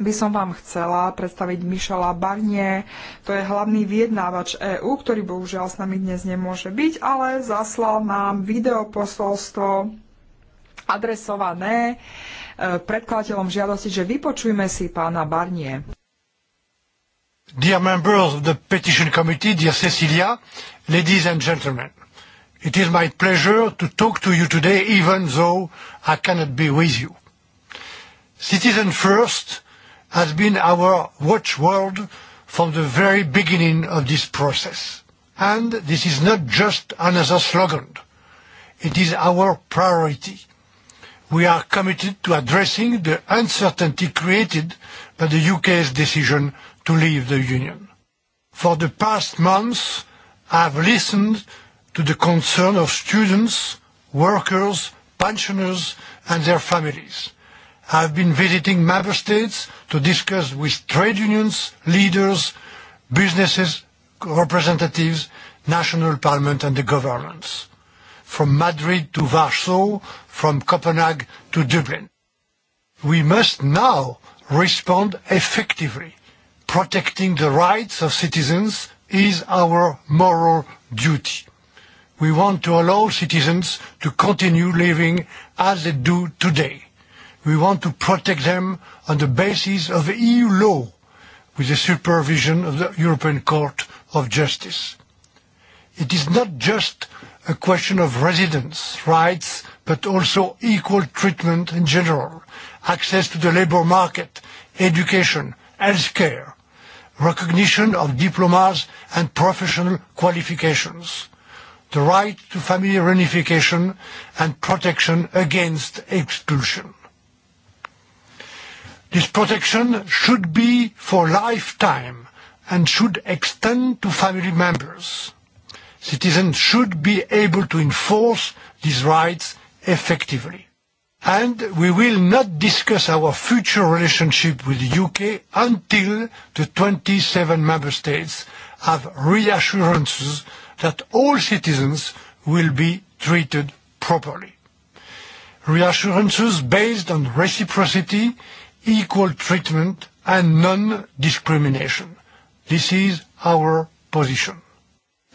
by som vám chcela predstaviť Mišela Barnie, to je hlavný vyjednávač EÚ, ktorý bohužiaľ s nami dnes nemôže byť, ale zaslal nám videoposolstvo adresované e, predkladateľom žiadosti, že vypočujme si pána Barnie. Dear members of the Petition Committee, dear Cecilia, ladies and gentlemen, it is my pleasure to talk to you today even though I cannot be with you. Citizen First has been our watchword from the very beginning of this process. And this is not just another slogan. It is our priority. We are committed to addressing the uncertainty created by the UK's decision to leave the Union. For the past months, I have listened to the concern of students, workers, pensioners and their families. I have been visiting member states to discuss with trade unions, leaders, businesses, representatives, national parliament and the governments. From Madrid to Warsaw, from Copenhagen to Dublin. We must now respond effectively protecting the rights of citizens is our moral duty. We want to allow citizens to continue living as they do today. We want to protect them on the basis of EU e law with the supervision of the European Court of Justice. It is not just a question of residence rights, but also equal treatment in general, access to the labour market, education, health care, recognition of diplomas and professional qualifications, the right to family reunification and protection against expulsion. This protection should be for lifetime and should extend to family members. Citizens should be able to enforce these rights effectively and we will not discuss our future relationship with the U.K. until the 27 member states have reassurances that all citizens will be treated properly. Reassurances based on reciprocity, equal treatment, and non-discrimination. This is our position.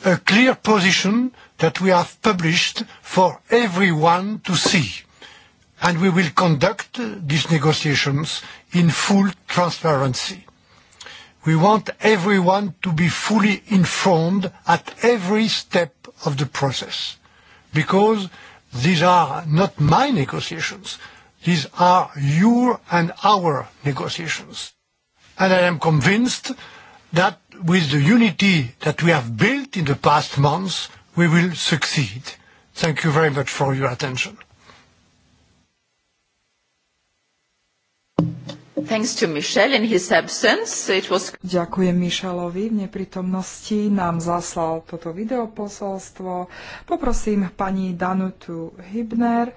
A clear position that we have published for everyone to see and we will conduct these negotiations in full transparency. We want everyone to be fully informed at every step of the process, because these are not my negotiations. These are your and our negotiations. And I am convinced that with the unity that we have built in the past months, we will succeed. Thank you very much for your attention. Ďakujem Michelovi v neprítomnosti, nám zaslal toto videoposolstvo. Poprosím pani Danutu Hibner,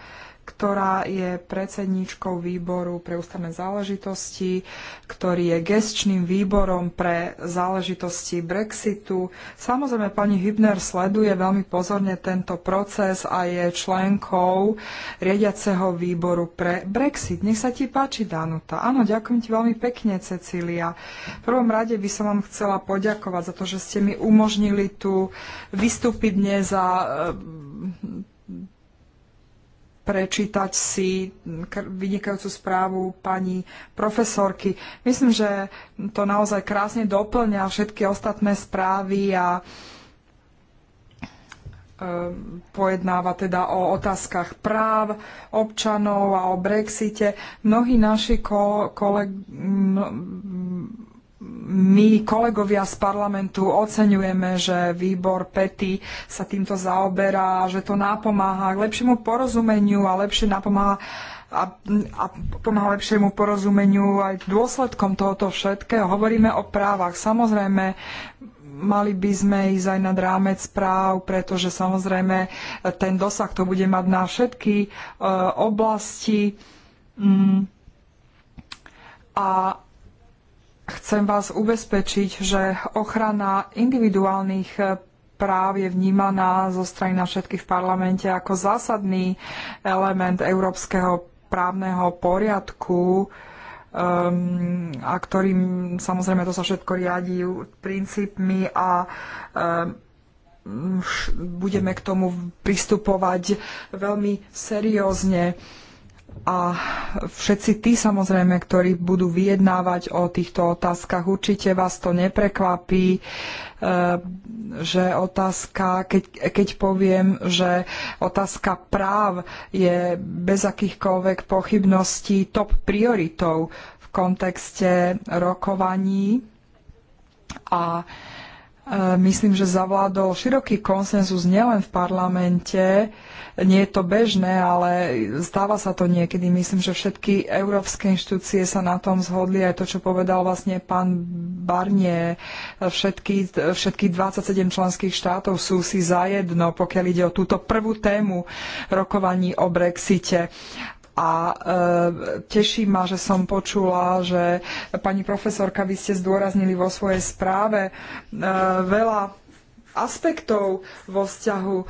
ktorá je predsedníčkou výboru pre ústavné záležitosti, ktorý je gestčným výborom pre záležitosti Brexitu. Samozrejme, pani Hübner sleduje veľmi pozorne tento proces a je členkou riadiaceho výboru pre Brexit. Nech sa ti páči, Danuta. Áno, ďakujem ti veľmi pekne, Cecília. V prvom rade by som vám chcela poďakovať za to, že ste mi umožnili tu vystúpiť dnes za prečítať si vynikajúcu správu pani profesorky. Myslím, že to naozaj krásne doplňa všetky ostatné správy a ehm, pojednáva teda o otázkach práv občanov a o Brexite. Mnohí naši ko- koleg- my, kolegovia z parlamentu, oceňujeme, že výbor PETI sa týmto zaoberá, že to napomáha k lepšiemu porozumeniu a lepšie napomáha a, a pomáha lepšiemu porozumeniu aj dôsledkom tohoto všetkého. Hovoríme o právach. Samozrejme, mali by sme ísť aj nad rámec práv, pretože samozrejme ten dosah to bude mať na všetky e, oblasti. Mm. A Chcem vás ubezpečiť, že ochrana individuálnych eh, práv je vnímaná zo strany na všetkých v parlamente ako zásadný element európskeho právneho poriadku, um, a ktorým samozrejme to sa všetko riadí princípmi a um, budeme k tomu pristupovať veľmi seriózne a všetci tí samozrejme, ktorí budú vyjednávať o týchto otázkach, určite vás to neprekvapí, e, že otázka, keď, keď poviem, že otázka práv je bez akýchkoľvek pochybností top prioritou v kontexte rokovaní a e, myslím, že zavládol široký konsenzus nielen v parlamente, nie je to bežné, ale stáva sa to niekedy. Myslím, že všetky európske inštitúcie sa na tom zhodli. Aj to, čo povedal vlastne pán Barnie, všetky, všetky 27 členských štátov sú si zajedno, pokiaľ ide o túto prvú tému rokovaní o Brexite a e, teší ma, že som počula, že pani profesorka, vy ste zdôraznili vo svojej správe e, veľa aspektov vo vzťahu e,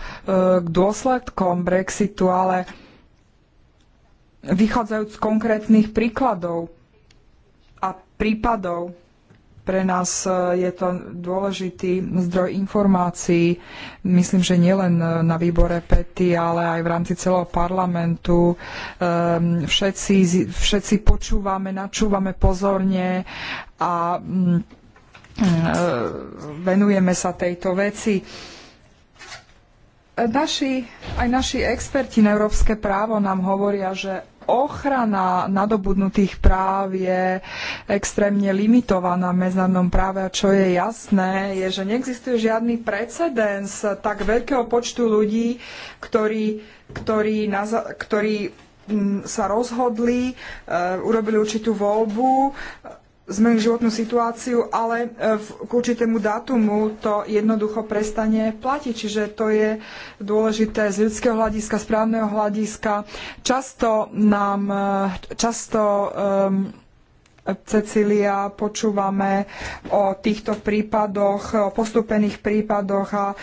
k dôsledkom Brexitu, ale vychádzajúc z konkrétnych príkladov a prípadov, pre nás e, je to dôležitý zdroj informácií, myslím, že nielen e, na výbore PETI, ale aj v rámci celého parlamentu. Ehm, všetci, všetci počúvame, načúvame pozorne a mm, venujeme sa tejto veci. Naši, aj naši experti na európske právo nám hovoria, že ochrana nadobudnutých práv je extrémne limitovaná v medzinárodnom práve a čo je jasné, je, že neexistuje žiadny precedens tak veľkého počtu ľudí, ktorí, ktorí, ktorí mm, sa rozhodli, e, urobili určitú voľbu zmeniť životnú situáciu, ale e, k určitému dátumu to jednoducho prestane platiť. Čiže to je dôležité z ľudského hľadiska, z právneho hľadiska. Často nám, e, často um, Cecília, počúvame o týchto prípadoch, o postupených prípadoch a e,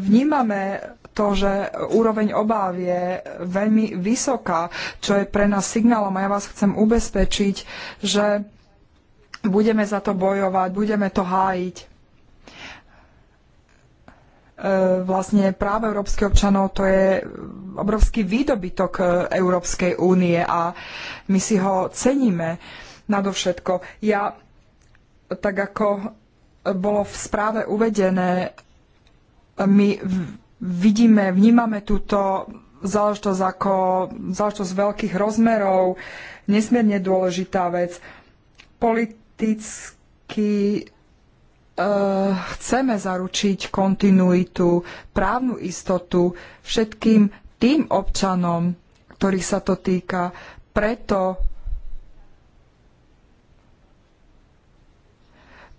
vnímame to, že úroveň obáv je veľmi vysoká, čo je pre nás signálom a ja vás chcem ubezpečiť, že Budeme za to bojovať, budeme to hájiť. E, vlastne práve európskych občanov to je obrovský výdobytok e, Európskej únie a my si ho ceníme nadovšetko. Ja, tak ako bolo v správe uvedené, my vidíme, vnímame túto záležitosť ako záležitosť veľkých rozmerov, nesmierne dôležitá vec. Polit- prakticky e, chceme zaručiť kontinuitu, právnu istotu všetkým tým občanom, ktorých sa to týka. Preto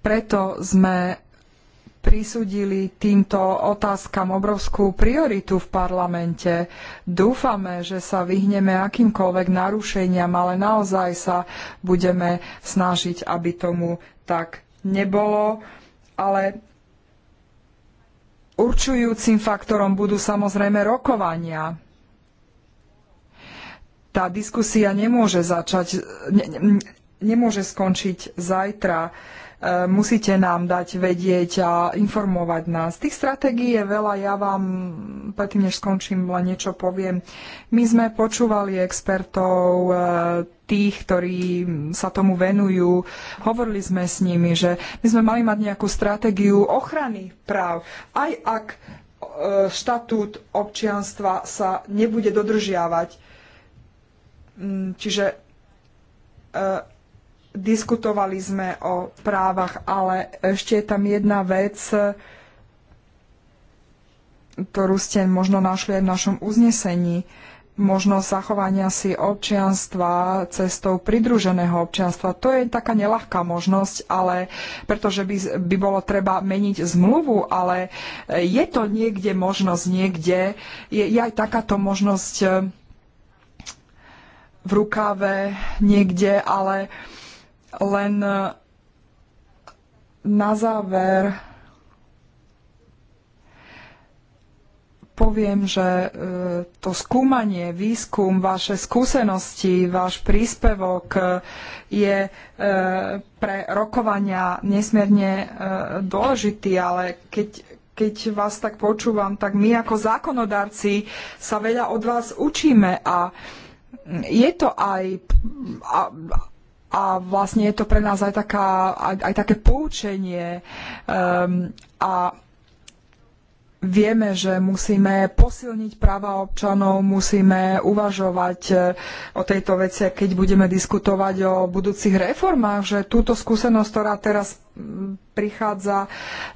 preto sme prisudili týmto otázkam obrovskú prioritu v parlamente. Dúfame, že sa vyhneme akýmkoľvek narušeniam, ale naozaj sa budeme snažiť, aby tomu tak nebolo. Ale určujúcim faktorom budú samozrejme rokovania. Tá diskusia nemôže začať, ne, ne, nemôže skončiť zajtra Eh, musíte nám dať vedieť a informovať nás. Tých stratégií je veľa, ja vám predtým, než skončím, len niečo poviem. My sme počúvali expertov, eh, tých, ktorí sa tomu venujú. Hovorili sme s nimi, že my sme mali mať nejakú stratégiu ochrany práv. Aj ak eh, štatút občianstva sa nebude dodržiavať. Mm, čiže Diskutovali sme o právach, ale ešte je tam jedna vec, ktorú ste možno našli aj v našom uznesení. Možnosť zachovania si občianstva cestou pridruženého občianstva. To je taká nelahká možnosť, ale pretože by, by bolo treba meniť zmluvu, ale je to niekde možnosť, niekde. Je, je aj takáto možnosť eh, v rukáve niekde, ale uh, len e, na záver poviem, že e, to skúmanie, výskum, vaše skúsenosti, váš príspevok e, je pre rokovania nesmierne dôležitý, ale keď, keď vás tak počúvam, tak my ako zákonodarci sa veľa od vás učíme a je to aj, a vlastne je to pre nás aj, taká, aj, aj také poučenie um, a vieme, že musíme posilniť práva občanov, musíme uvažovať e, o tejto veci, keď budeme diskutovať o budúcich reformách, že túto skúsenosť, ktorá teraz prichádza,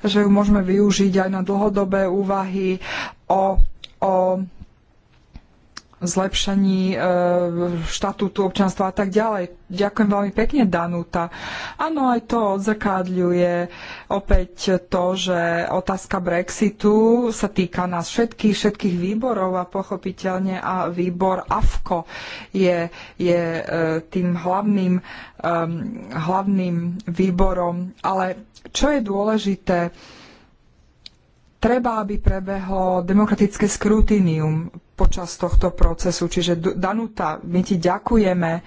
že ju môžeme využiť aj na dlhodobé úvahy o, o zlepšení e, štatútu občanstva a tak ďalej. Ďakujem veľmi pekne, Danuta. Áno, aj to odzrkadľuje opäť to, že otázka Brexitu sa týka nás všetkých, všetkých výborov a pochopiteľne a výbor AFKO je, je e, tým hlavným, hlavným výborom. Ale čo je dôležité, treba, aby prebehlo demokratické skrutinium počas tohto procesu. Čiže Danuta, my ti ďakujeme. E,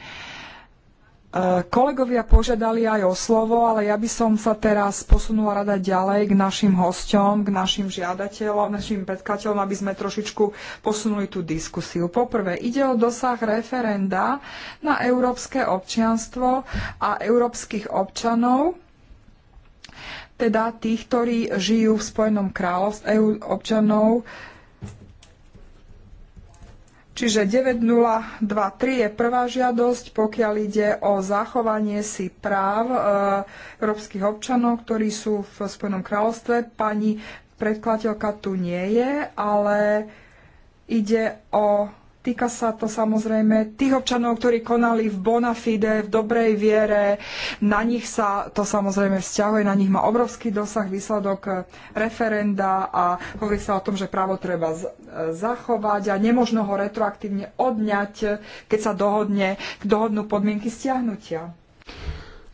kolegovia požiadali aj o slovo, ale ja by som sa teraz posunula rada ďalej k našim hosťom, k našim žiadateľom, našim predkateľom, aby sme trošičku posunuli tú diskusiu. Poprvé, ide o dosah referenda na európske občianstvo a európskych občanov, teda tých, ktorí žijú v Spojenom kráľovstve, občanov, Čiže 9023 je prvá žiadosť, pokiaľ ide o zachovanie si práv e, európskych občanov, ktorí sú v Spojenom kráľovstve. Pani predkladateľka tu nie je, ale ide o Týka sa to samozrejme tých občanov, ktorí konali v bona fide, v dobrej viere. Na nich sa to samozrejme vzťahuje, na nich má obrovský dosah výsledok eh, referenda a hovorí sa o tom, že právo treba eh, zachovať a nemožno ho retroaktívne odňať, eh, keď sa dohodne, dohodnú podmienky stiahnutia.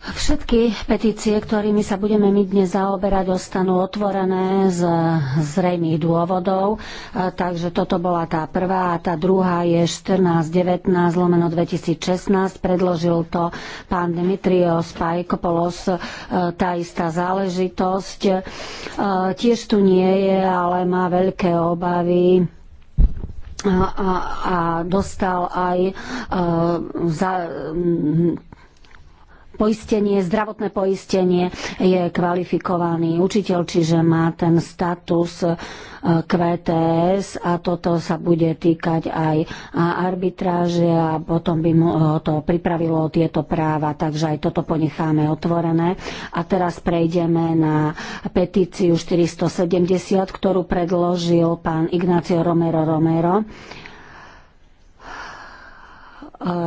Všetky petície, ktorými sa budeme my dnes zaoberať, ostanú otvorené z zrejmých dôvodov. Takže toto bola tá prvá a tá druhá je 1419 lomeno 2016. Predložil to pán Dimitrios Pajkopolos, e, tá istá záležitosť. E, tiež tu nie je, ale má veľké obavy a, a, a dostal aj e, za, poistenie, zdravotné poistenie je kvalifikovaný učiteľ, čiže má ten status e, QTS a toto sa bude týkať aj arbitráže a potom by mu e, to pripravilo tieto práva, takže aj toto ponecháme otvorené. A teraz prejdeme na petíciu 470, ktorú predložil pán Ignacio Romero Romero.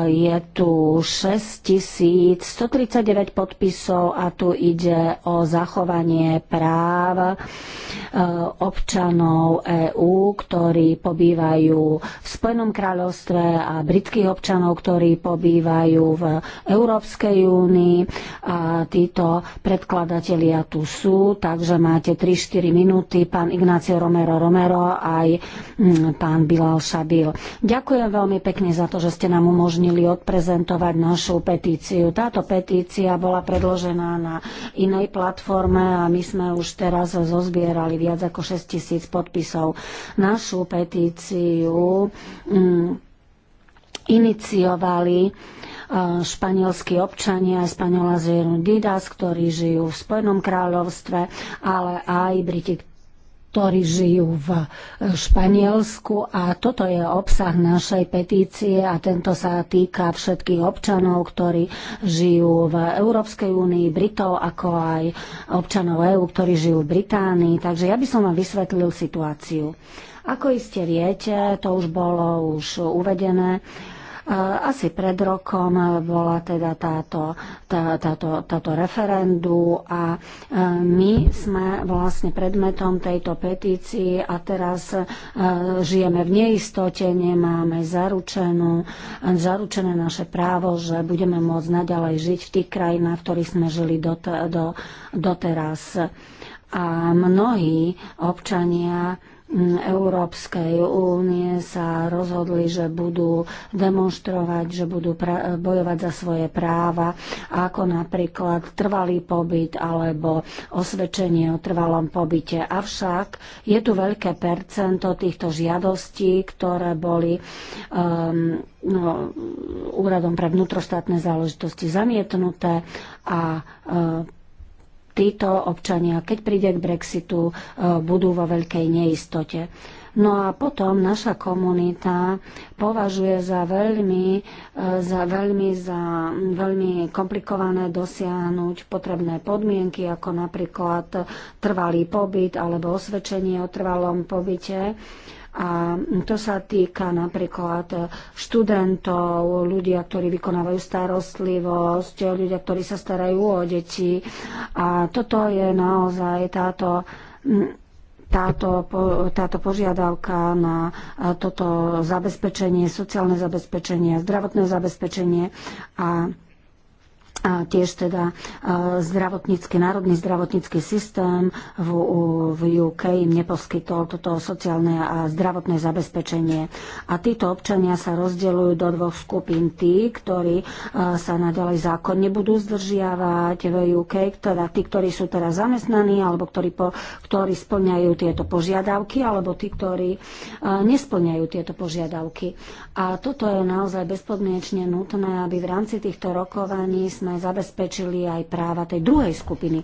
Je tu 6139 podpisov a tu ide o zachovanie práv e, občanov EÚ, ktorí pobývajú v Spojenom kráľovstve a britských občanov, ktorí pobývajú v Európskej únii. A títo predkladatelia tu sú, takže máte 3-4 minúty. Pán Ignácio Romero Romero aj mm, pán Bilal Šabil. Ďakujem veľmi pekne za to, že ste nám umožnili umožnili odprezentovať našu petíciu. Táto petícia bola predložená na inej platforme a my sme už teraz zozbierali viac ako 6 tisíc podpisov. Našu petíciu mm, iniciovali e, španielskí občania, Španiola Zerundidas, ktorí žijú v Spojenom kráľovstve, ale aj Briti, ktorí žijú v eh, Španielsku a toto je obsah našej petície a tento sa týka všetkých občanov, ktorí žijú v Európskej únii, Britov, ako aj občanov EÚ, ktorí žijú v Británii. Takže ja by som vám vysvetlil situáciu. Ako iste viete, to už bolo už uvedené, Eh, asi pred rokom bola teda táto, tá, táto, táto referendu a eh, my sme vlastne predmetom tejto petícii a teraz eh, žijeme v neistote, nemáme zaručenú, zaručené naše právo, že budeme môcť naďalej žiť v tých krajinách, v ktorých sme žili dot, do, doteraz. A mnohí občania Európskej únie sa rozhodli, že budú demonstrovať, že budú bojovať za svoje práva, ako napríklad trvalý pobyt alebo osvedčenie o trvalom pobyte. Avšak je tu veľké percento týchto žiadostí, ktoré boli um, no, Úradom pre vnútroštátne záležitosti zamietnuté a um, títo občania, keď príde k Brexitu, e, budú vo veľkej neistote. No a potom naša komunita považuje za veľmi, e, za veľmi, za veľmi komplikované dosiahnuť potrebné podmienky, ako napríklad trvalý pobyt alebo osvedčenie o trvalom pobyte a to sa týka napríklad študentov, ľudia, ktorí vykonávajú starostlivosť, ľudia, ktorí sa starajú o deti. A toto je naozaj táto táto, táto požiadavka na toto zabezpečenie, sociálne zabezpečenie, zdravotné zabezpečenie a a tiež teda e, zdravotnícky, národný zdravotnícky systém v, v UK im neposkytol toto sociálne a zdravotné zabezpečenie. A títo občania sa rozdeľujú do dvoch skupín. Tí, ktorí e, sa naďalej zákon nebudú zdržiavať v UK, teda tí, ktorí sú teraz zamestnaní, alebo ktorí, po, ktorí splňajú tieto požiadavky, alebo tí, ktorí e, nesplňajú tieto požiadavky. A toto je naozaj bezpodmienečne nutné, aby v rámci týchto rokovaní sme zabezpečili aj práva tej druhej skupiny.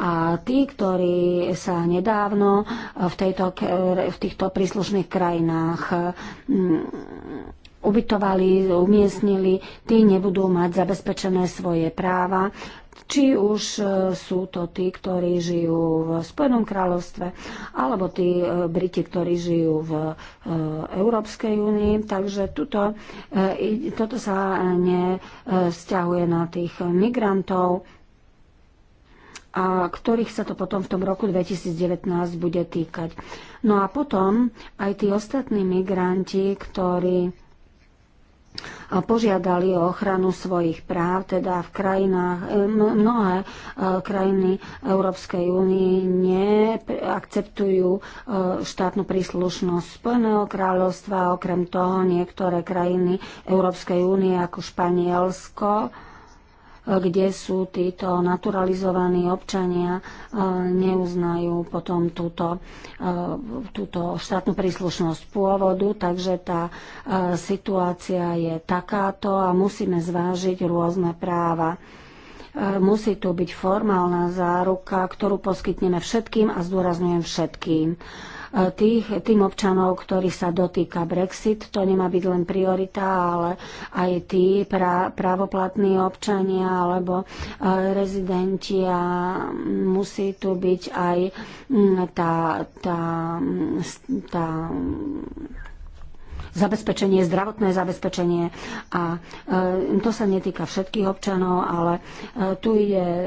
A tí, ktorí sa nedávno v, tejto, v týchto príslušných krajinách mm, ubytovali, umiestnili, tí nebudú mať zabezpečené svoje práva či už e, sú to tí, ktorí žijú v Spojenom kráľovstve, alebo tí e, Briti, ktorí žijú v e, Európskej únii. Takže tuto, toto sa nevzťahuje na tých migrantov a ktorých sa to potom v tom roku 2019 bude týkať. No a potom aj tí ostatní migranti, ktorí požiadali o ochranu svojich práv, teda v krajinách, e, mnohé e, krajiny Európskej únie neakceptujú e, štátnu príslušnosť Spojeného kráľovstva, okrem toho niektoré krajiny Európskej únie ako Španielsko, kde sú títo naturalizovaní občania, e, neuznajú potom túto, e, túto štátnu príslušnosť pôvodu, takže tá e, situácia je takáto a musíme zvážiť rôzne práva musí tu byť formálna záruka, ktorú poskytneme všetkým a zdôrazňujem všetkým. E, tých, tým občanov, ktorí sa dotýka Brexit. To nemá byť len priorita, ale aj tí pra, právoplatní občania alebo e, rezidenti a musí tu byť aj tá, tá, tá zabezpečenie, zdravotné zabezpečenie a e, to sa netýka všetkých občanov, ale e, tu ide e,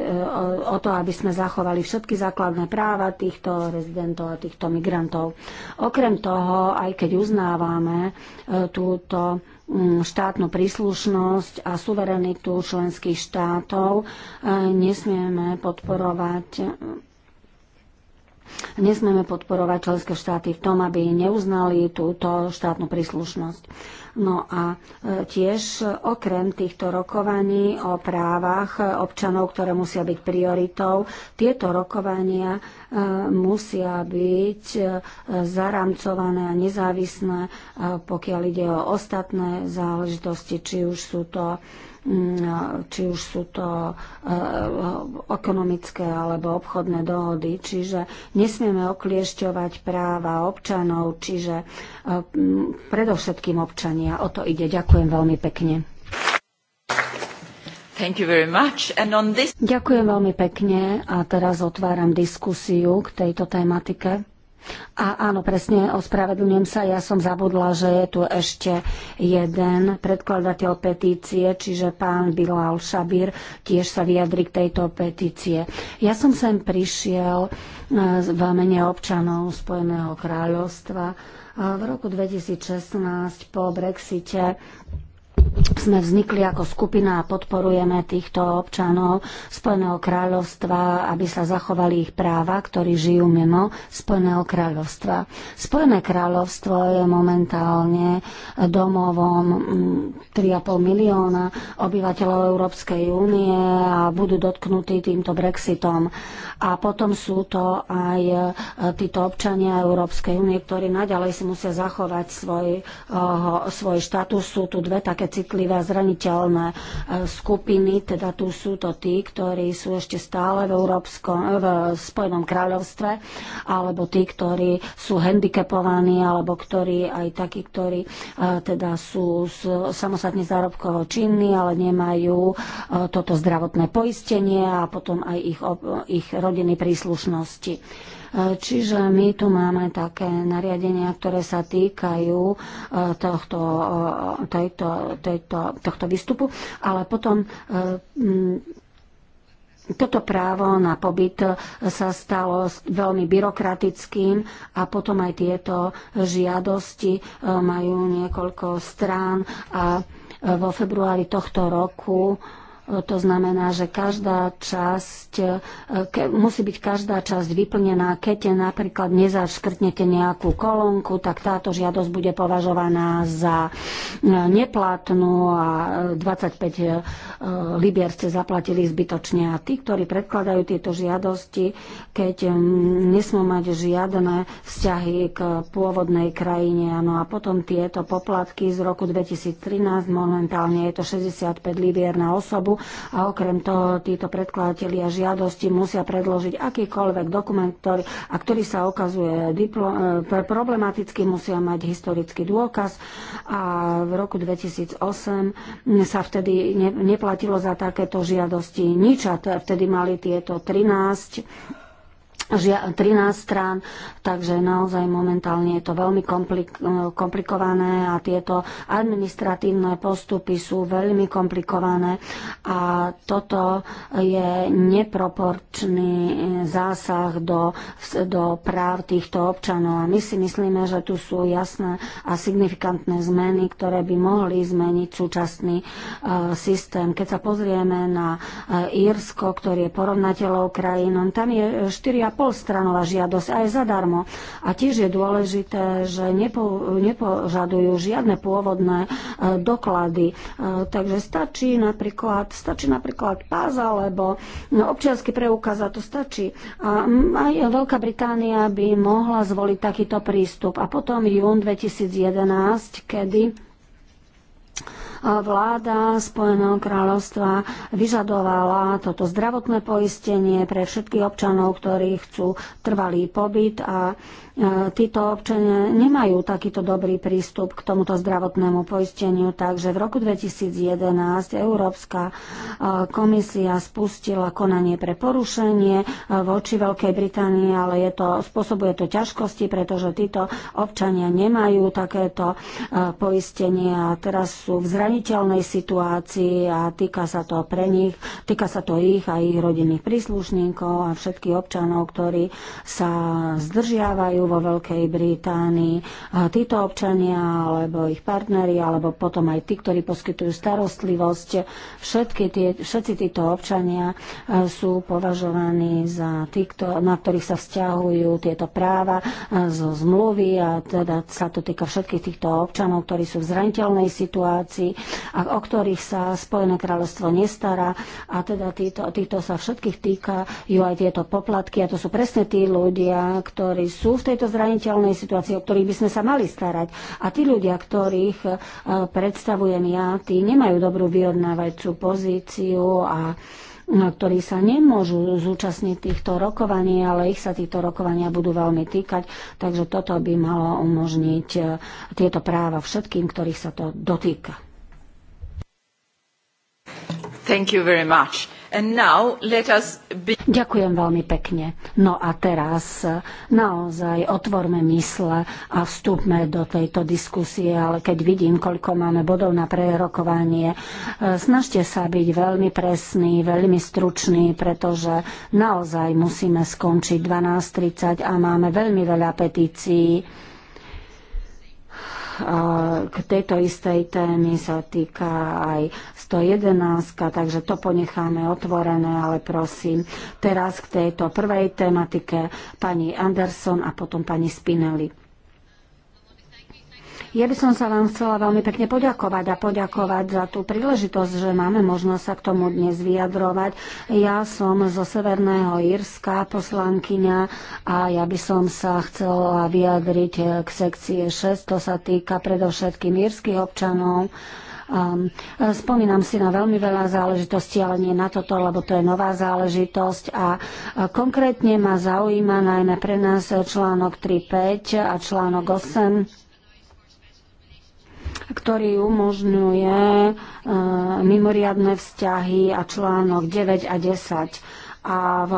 o to, aby sme zachovali všetky základné práva týchto rezidentov a týchto migrantov. Okrem toho, aj keď uznávame túto štátnu príslušnosť a suverenitu členských štátov, nesmieme podporovať Nesmieme podporovať členské štáty v tom, aby neuznali túto štátnu príslušnosť. No a e, tiež e, okrem týchto rokovaní o právach občanov, ktoré musia byť prioritou, tieto rokovania e, musia byť zaramcované a nezávislé, pokiaľ ide o ostatné záležitosti, či už sú to mm, či už sú to ekonomické alebo obchodné dohody. Čiže nesmieme okliešťovať práva občanov, čiže predovšetkým občania vzdelávania. O to ide. Ďakujem veľmi pekne. This... Ďakujem veľmi pekne a teraz otváram diskusiu k tejto tematike. A áno, presne, ospravedlňujem sa, ja som zabudla, že je tu ešte jeden predkladateľ petície, čiže pán Bilal Šabír tiež sa vyjadri k tejto petície. Ja som sem prišiel eh, v mene občanov Spojeného kráľovstva v roku 2016 po Brexite sme vznikli ako skupina a podporujeme týchto občanov Spojeného kráľovstva, aby sa zachovali ich práva, ktorí žijú mimo Spojeného kráľovstva. Spojené kráľovstvo je momentálne domovom 3,5 mm, milióna obyvateľov Európskej únie a budú dotknutí týmto Brexitom. A potom sú to aj e, títo občania Európskej únie, ktorí naďalej si musia zachovať svoj, e, svoj štatus. Sú tu dve také citlivé a zraniteľné e, skupiny, teda tu sú to tí, ktorí sú ešte stále v, Európskom, e, v Spojenom kráľovstve, alebo tí, ktorí sú handicapovaní, alebo ktorí aj takí, ktorí e, teda sú samostatne zárobkovo činní, ale nemajú toto zdravotné poistenie a potom aj ich, ich rodiny príslušnosti. Čiže my tu máme také nariadenia, ktoré sa týkajú e, tohto, e, tejto, tejto, tohto výstupu, ale potom e, mm, toto právo na pobyt sa stalo veľmi byrokratickým a potom aj tieto žiadosti majú niekoľko strán a vo februári tohto roku to znamená, že každá časť, e, ke, musí byť každá časť vyplnená. Keď napríklad nezaškrtnete nejakú kolónku, tak táto žiadosť bude považovaná za e, neplatnú a 25 e, libier ste zaplatili zbytočne. A tí, ktorí predkladajú tieto žiadosti, keď nesmú mať žiadne vzťahy k pôvodnej krajine, no a potom tieto poplatky z roku 2013, momentálne je to 65 libier na osobu, a okrem toho títo predkladatelia žiadosti musia predložiť akýkoľvek dokument, ktorý, a ktorý sa okazuje diplo, e, problematicky, musia mať historický dôkaz a v roku 2008 sa vtedy ne, neplatilo za takéto žiadosti nič a vtedy mali tieto 13 13 strán, takže naozaj momentálne je to veľmi komplik- eh, komplikované a tieto administratívne postupy sú veľmi komplikované a toto je neproporčný eh, zásah do, do práv týchto občanov a my si myslíme, že tu sú jasné a signifikantné zmeny, ktoré by mohli zmeniť súčasný e, systém. Keď sa pozrieme na e, Írsko, ktorý je porovnateľov krajinom, tam je 4,5 polstranová žiadosť aj zadarmo. A tiež je dôležité, že nepo, nepožadujú žiadne pôvodné e, doklady. E, takže stačí napríklad, stačí napríklad pás alebo no, občiansky preukaz a to stačí. A aj Veľká Británia by mohla zvoliť takýto prístup. A potom jún 2011, kedy vláda Spojeného kráľovstva vyžadovala toto zdravotné poistenie pre všetkých občanov, ktorí chcú trvalý pobyt a E, títo občania nemajú takýto dobrý prístup k tomuto zdravotnému poisteniu, takže v roku 2011 Európska e, komisia spustila konanie pre porušenie e, voči Veľkej Británii, ale je to, spôsobuje to ťažkosti, pretože títo občania nemajú takéto poistenie a teraz sú v zraniteľnej situácii a týka sa to pre nich, týka sa to ich a ich rodinných príslušníkov a všetkých občanov, ktorí sa zdržiavajú vo Veľkej Británii. A títo občania, alebo ich partneri, alebo potom aj tí, ktorí poskytujú starostlivosť, všetky tie, všetci títo občania e, sú považovaní za tí, na ktorých sa vzťahujú tieto práva e, zo zmluvy a teda sa to týka všetkých týchto občanov, ktorí sú v zraniteľnej situácii a o ktorých sa Spojené kráľovstvo nestará a teda týto, títo sa všetkých týkajú aj tieto poplatky a to sú presne tí ľudia, ktorí sú v tej tejto zraniteľnej situácii, o ktorých by sme sa mali starať. A tí ľudia, ktorých e, predstavujem ja, tí nemajú dobrú vyjednávajúcu pozíciu a no, ktorí sa nemôžu zúčastniť týchto rokovaní, ale ich sa týchto rokovania budú veľmi týkať. Takže toto by malo umožniť e, tieto práva všetkým, ktorých sa to dotýka. Thank you very much. Ďakujem veľmi pekne. No a teraz eh, naozaj otvorme mysle a vstúpme do tejto diskusie, ale keď vidím, koľko máme bodov na prerokovanie, eh, snažte sa byť veľmi presný, veľmi stručný, pretože naozaj musíme skončiť 12.30 a máme veľmi veľa petícií k tejto istej témy sa týka aj 111, takže to ponecháme otvorené, ale prosím, teraz k tejto prvej tematike pani Anderson a potom pani Spinelli. Ja by som sa vám chcela veľmi pekne poďakovať a poďakovať za tú príležitosť, že máme možnosť sa k tomu dnes vyjadrovať. Ja som zo Severného Írska poslankyňa a ja by som sa chcela vyjadriť k sekcie 6. To sa týka predovšetkým írskych občanov. Um, spomínam si na veľmi veľa záležitostí, ale nie na toto, lebo to je nová záležitosť a konkrétne ma zaujíma najmä pre nás článok 3.5 a článok 8 ktorý umožňuje e, mimoriadne vzťahy a článok 9 a 10 a v,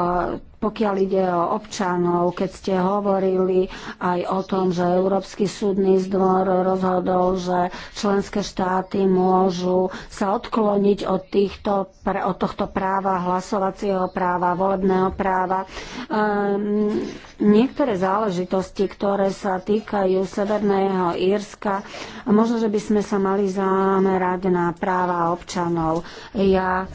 pokiaľ ide o občanov, keď ste hovorili aj o tom, že Európsky súdny zdvor rozhodol, že členské štáty môžu sa odkloniť od, týchto, od tohto práva, hlasovacieho práva, volebného práva. Um, niektoré záležitosti, ktoré sa týkajú Severného Írska, možno, že by sme sa mali zamerať na práva občanov. Ja e,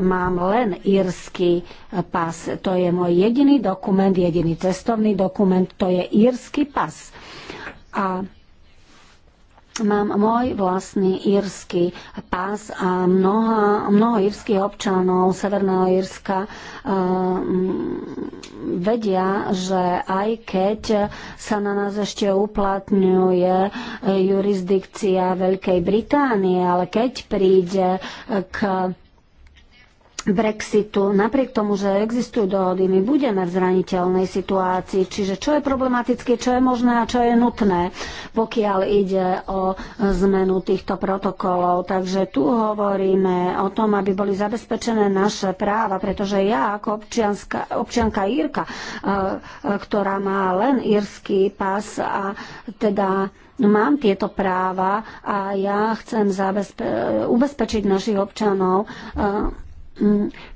mám len írsky pas. To je môj jediný dokument, jediný cestovný dokument, to je írsky pas. A Mám môj vlastný írsky pás a mnoha, mnoho írskych občanov Severného Írska uh, vedia, že aj keď sa na nás ešte uplatňuje eh, jurisdikcia Veľkej Británie, ale keď príde eh, k Brexitu, napriek tomu, že existujú dohody, my budeme v zraniteľnej situácii, čiže čo je problematické, čo je možné a čo je nutné, pokiaľ ide o zmenu týchto protokolov. Takže tu hovoríme o tom, aby boli zabezpečené naše práva, pretože ja ako občianka Írka, e, e, ktorá má len írsky pas a teda mám tieto práva a ja chcem ubezpečiť našich občanov, e,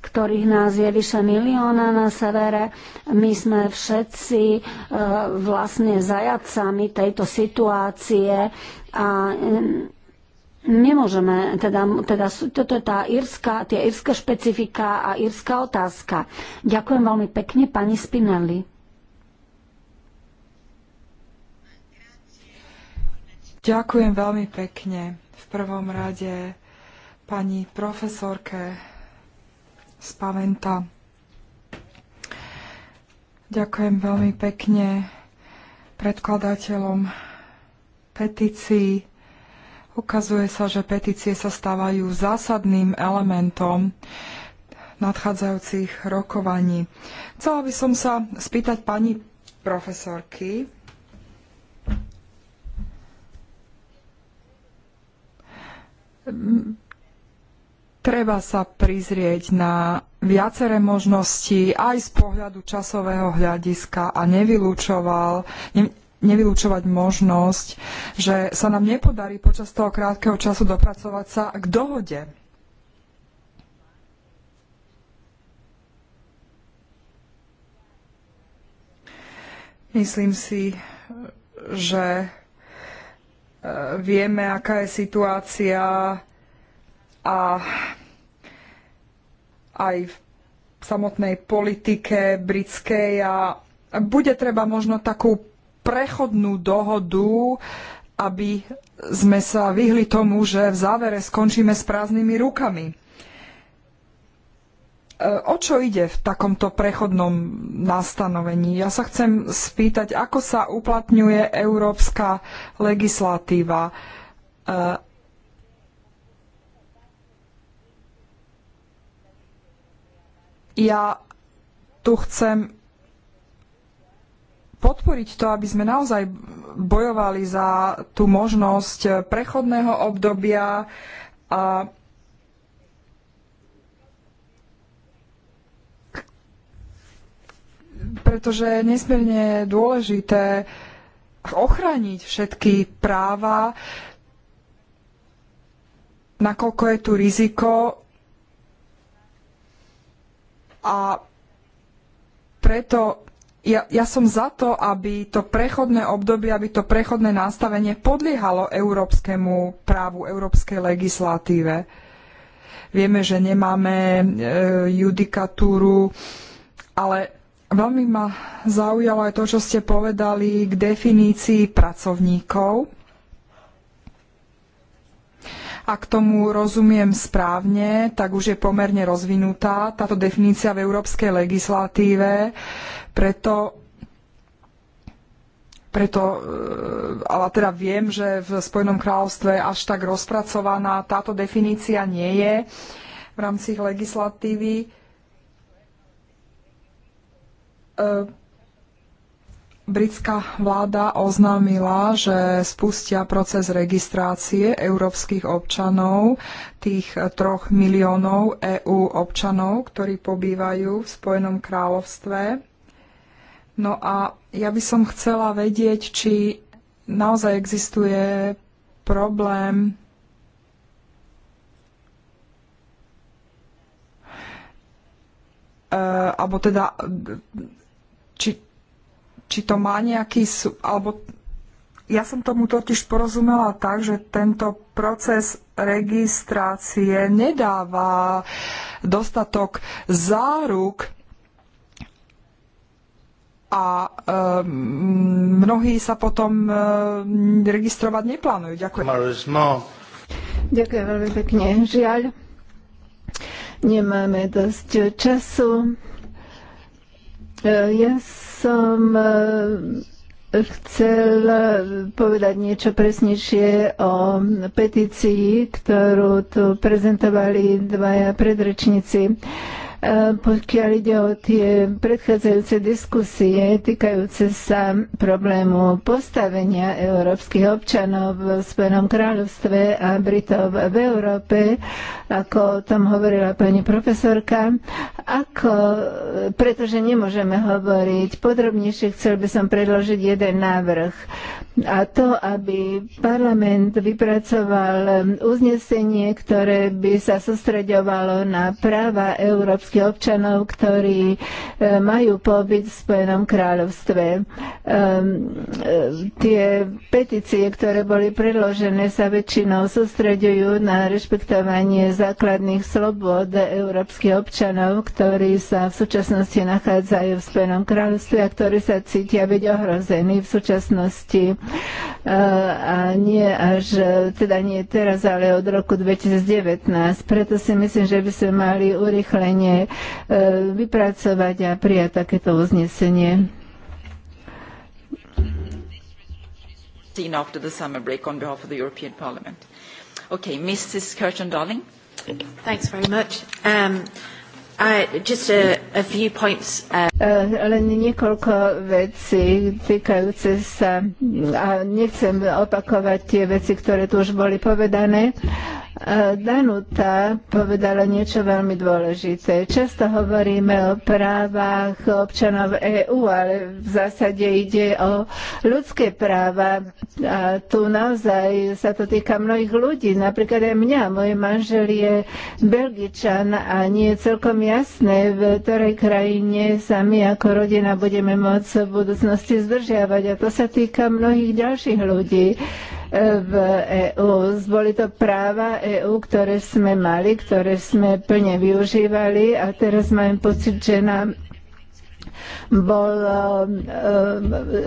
ktorých nás je vyše milióna na severe. My sme všetci e, vlastne zajacami tejto situácie a Nemôžeme, teda, teda toto je tá írska, tie írske špecifika a írska otázka. Ďakujem veľmi pekne, pani Spinelli. Ďakujem veľmi pekne. V prvom rade pani profesorke spaventa. Ďakujem veľmi pekne predkladateľom petícií. Ukazuje sa, že petície sa stávajú zásadným elementom nadchádzajúcich rokovaní. Chcela by som sa spýtať pani profesorky, Treba sa prizrieť na viaceré možnosti aj z pohľadu časového hľadiska a nevylúčoval, ne, nevylúčovať možnosť, že sa nám nepodarí počas toho krátkeho času dopracovať sa k dohode. Myslím si, že e, vieme, aká je situácia a aj v samotnej politike britskej a bude treba možno takú prechodnú dohodu, aby sme sa vyhli tomu, že v závere skončíme s prázdnymi rukami. E, o čo ide v takomto prechodnom nastanovení? Ja sa chcem spýtať, ako sa uplatňuje európska legislatíva e, ja tu chcem podporiť to, aby sme naozaj bojovali za tú možnosť prechodného obdobia a pretože je nesmierne dôležité ochraniť všetky práva, nakoľko je tu riziko, a preto ja, ja som za to, aby to prechodné obdobie, aby to prechodné nastavenie podliehalo európskemu právu, európskej legislatíve. Vieme, že nemáme e, judikatúru, ale veľmi ma zaujalo aj to, čo ste povedali k definícii pracovníkov ak tomu rozumiem správne, tak už je pomerne rozvinutá táto definícia v európskej legislatíve, preto preto, e, ale teda viem, že v Spojenom kráľovstve až tak rozpracovaná táto definícia nie je v rámci legislatívy. E, britská vláda oznámila, že spustia proces registrácie európskych občanov, tých troch miliónov EÚ občanov, ktorí pobývajú v Spojenom kráľovstve. No a ja by som chcela vedieť, či naozaj existuje problém e, alebo teda či, či to má nejaký, alebo ja som tomu totiž porozumela tak, že tento proces registrácie nedáva dostatok záruk a e, mnohí sa potom e, registrovať neplánujú. Ďakujem. Ďakujem veľmi pekne. Žiaľ, nemáme dosť času. E, Ja som e, chcel e, povedať niečo presnejšie o petícii, ktorú tu prezentovali dvaja predrečníci. Ehm, pokiaľ ide o tie predchádzajúce diskusie týkajúce sa problému postavenia európskych občanov v Spojenom kráľovstve a Britov v Európe, ako o tom hovorila pani profesorka, ako, pretože nemôžeme hovoriť podrobnejšie, chcel by som predložiť jeden návrh. A to, aby parlament vypracoval uznesenie, ktoré by sa sústreďovalo na práva európskych európskych občanov, ktorí e, majú pobyt v Spojenom kráľovstve. E, e, tie petície, ktoré boli predložené, sa väčšinou sústreďujú na rešpektovanie základných slobod európskych občanov, ktorí sa v súčasnosti nachádzajú v Spojenom kráľovstve a ktorí sa cítia byť ohrození v súčasnosti a nie až, teda nie teraz, ale od roku 2019. Preto si myslím, že by sme mali urychlenie E, vypracovať a prijať takéto uznesenie. after the summer break on behalf of the European Parliament. Okay, Mrs. Curtin-Darling. Thanks very much. Um, Uh, a, a uh, uh, len niekoľko vecí týkajúce sa, a nechcem opakovať tie veci, ktoré tu už boli povedané. Uh, Danuta povedala niečo veľmi dôležité. Často hovoríme o právach občanov EÚ, ale v zásade ide o ľudské práva. A tu naozaj sa to týka mnohých ľudí. Napríklad aj mňa. Môj manžel je Belgičan a nie celkom jasné, v ktorej krajine sa my ako rodina budeme môcť v budúcnosti zdržiavať. A to sa týka mnohých ďalších ľudí eh, v EÚ. Boli to práva EÚ, ktoré sme mali, ktoré sme plne využívali a teraz mám pocit, že nám bol, eh,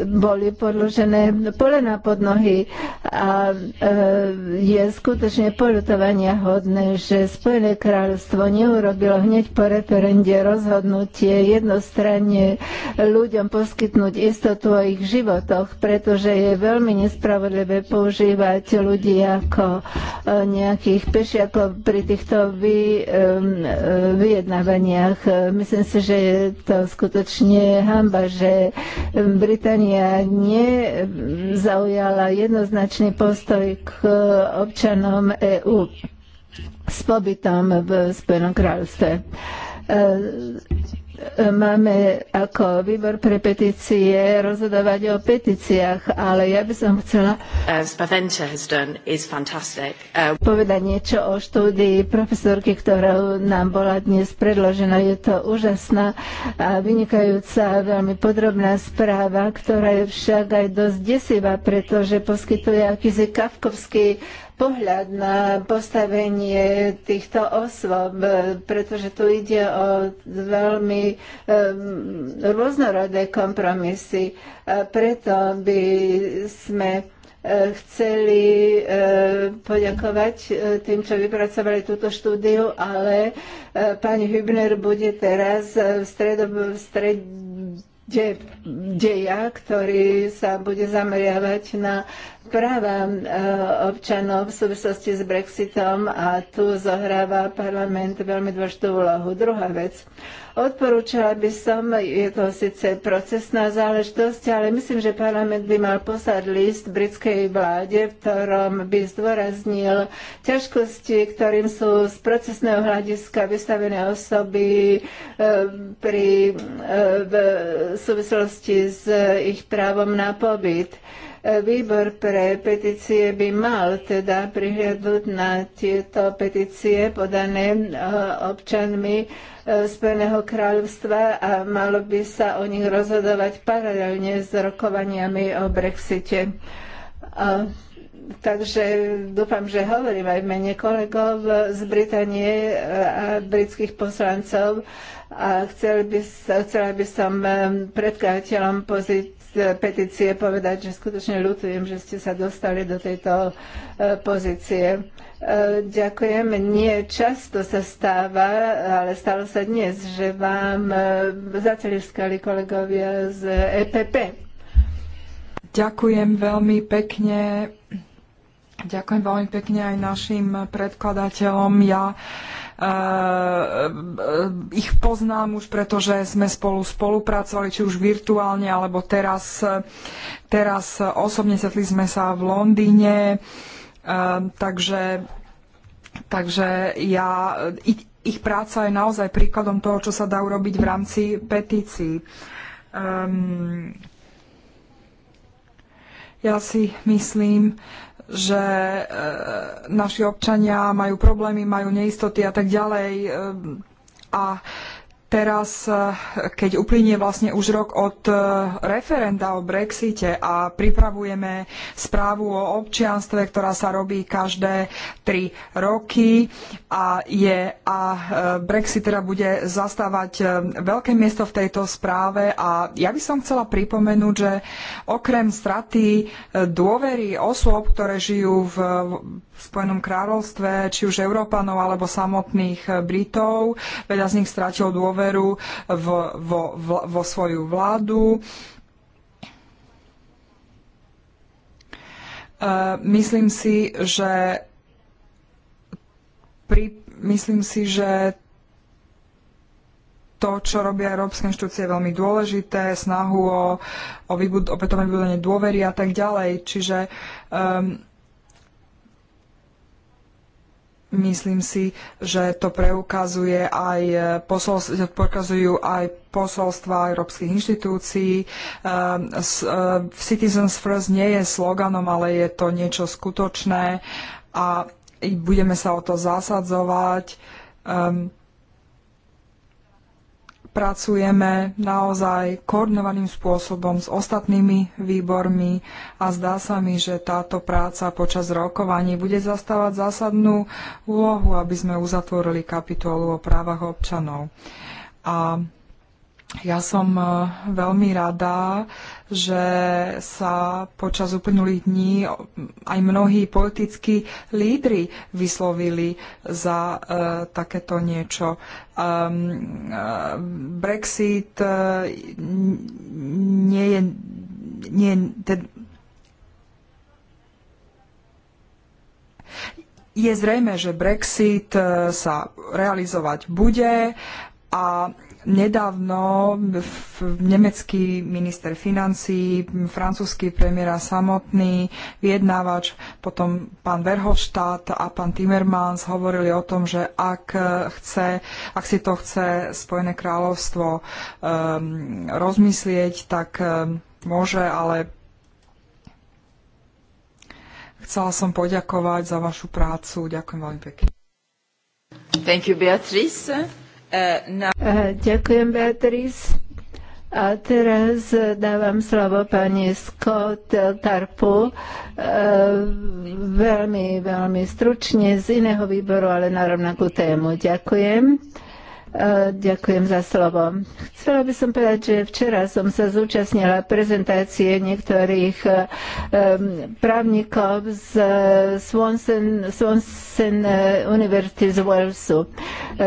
boli podložené polena pod nohy a eh, je skutočne polutovania hodné, že Spojené kráľstvo neurobilo hneď po referende rozhodnutie jednostranne ľuďom poskytnúť istotu o ich životoch, pretože je veľmi nespravodlivé používať ľudí ako eh, nejakých pešiakov pri týchto vy, vyjednávaniach. Myslím si, že je to skutočne skutočne hamba, že Británia nezaujala jednoznačný postoj k občanom EÚ s pobytom v Spojenom kráľovstve máme ako výbor pre petície rozhodovať o petíciách, ale ja by som chcela uh, uh povedať niečo o štúdii profesorky, ktorá nám bola dnes predložená. Je to úžasná a vynikajúca, veľmi podrobná správa, ktorá je však aj dosť desivá, pretože poskytuje akýsi kafkovský pohľad na postavenie týchto osôb, pretože tu ide o veľmi um, rôznorodé kompromisy. A preto by sme e, chceli e, poďakovať e, tým, čo vypracovali túto štúdiu, ale pani Hübner bude teraz v, stredo, v strede deja, ktorý sa bude zameriavať na práva e, občanov v súvislosti s Brexitom a tu zohráva parlament veľmi dôležitú úlohu. Druhá vec. Odporúčala by som, je to síce procesná záležitosť, ale myslím, že parlament by mal poslať list britskej vláde, v ktorom by zdôraznil ťažkosti, ktorým sú z procesného hľadiska vystavené osoby e, pri, e, v súvislosti s ich právom na pobyt. Výbor pre petície by mal teda prihľadnúť na tieto petície podané e, občanmi e, Spojeného kráľovstva a malo by sa o nich rozhodovať paralelne s rokovaniami o Brexite. Takže dúfam, že hovorím aj v mene kolegov z Británie e, a britských poslancov a chcel by, chcela by som predkladateľom pozície E, petície povedať, že skutočne ľutujem, že ste sa dostali do tejto e, pozície. E, ďakujem. Nie často sa stáva, ale stalo sa dnes, že vám zaceliskali kolegovia z EPP. Ďakujem veľmi pekne. Ďakujem veľmi pekne aj našim predkladateľom. Ja Eh, eh, ich poznám už, pretože sme spolu spolupracovali, či už virtuálne, alebo teraz, teraz osobne setli sme sa v Londýne. Eh, takže, takže ja, ich, ich práca je naozaj príkladom toho, čo sa dá urobiť v rámci petícií. Um, ja si myslím, že e, naši občania majú problémy, majú neistoty a tak ďalej. E, a Teraz, eh, keď uplynie vlastne už rok od eh, referenda o Brexite a pripravujeme správu o občianstve, ktorá sa robí každé tri roky a, je, a eh, Brexit teda bude zastávať veľké miesto v tejto správe a ja by som chcela pripomenúť, že okrem straty dôvery osôb, ktoré žijú v Spojenom kráľovstve, či už Európanov alebo samotných Britov, veľa z nich stratilo dôveru dôveru vo, vo, vo svoju vládu. E, myslím si, že pri, myslím si, že to, čo robia európske inštitúcie, je veľmi dôležité, snahu o, o vybud- opätovné vybudovanie dôvery a tak ďalej. Čiže um, myslím si, že to preukazuje aj eh, posolstvo, preukazujú aj posolstva európskych inštitúcií. Eh, eh, Citizens First nie je sloganom, ale je to niečo skutočné a budeme sa o to zasadzovať. Um, pracujeme naozaj koordinovaným spôsobom s ostatnými výbormi a zdá sa mi, že táto práca počas rokovaní bude zastávať zásadnú úlohu, aby sme uzatvorili kapitolu o právach občanov. A ja som e, veľmi rada, že sa počas uplynulých dní aj mnohí politickí lídry vyslovili za e, takéto niečo. Um, Brexit e, nie je... Nie, ten, je zrejme, že Brexit e, sa realizovať bude a Nedávno nemecký minister financí, francúzsky premiér a samotný vyjednávač, potom pán Verhofstadt a pán Timmermans hovorili o tom, že ak, chce, ak si to chce Spojené kráľovstvo um, rozmyslieť, tak um, môže, ale chcela som poďakovať za vašu prácu. Ďakujem veľmi pekne. Thank you, Beatrice. Eh, na... Eh, ďakujem, Beatriz. A teraz eh, dávam slovo pani Scott Tarpu. veľmi, veľmi stručne z iného výboru, ale na rovnakú tému. Ďakujem. E, ďakujem za slovo. Chcela by som povedať, že včera som sa zúčastnila prezentácie niektorých e, e, právnikov z Swanson, Swanson University z Walesu.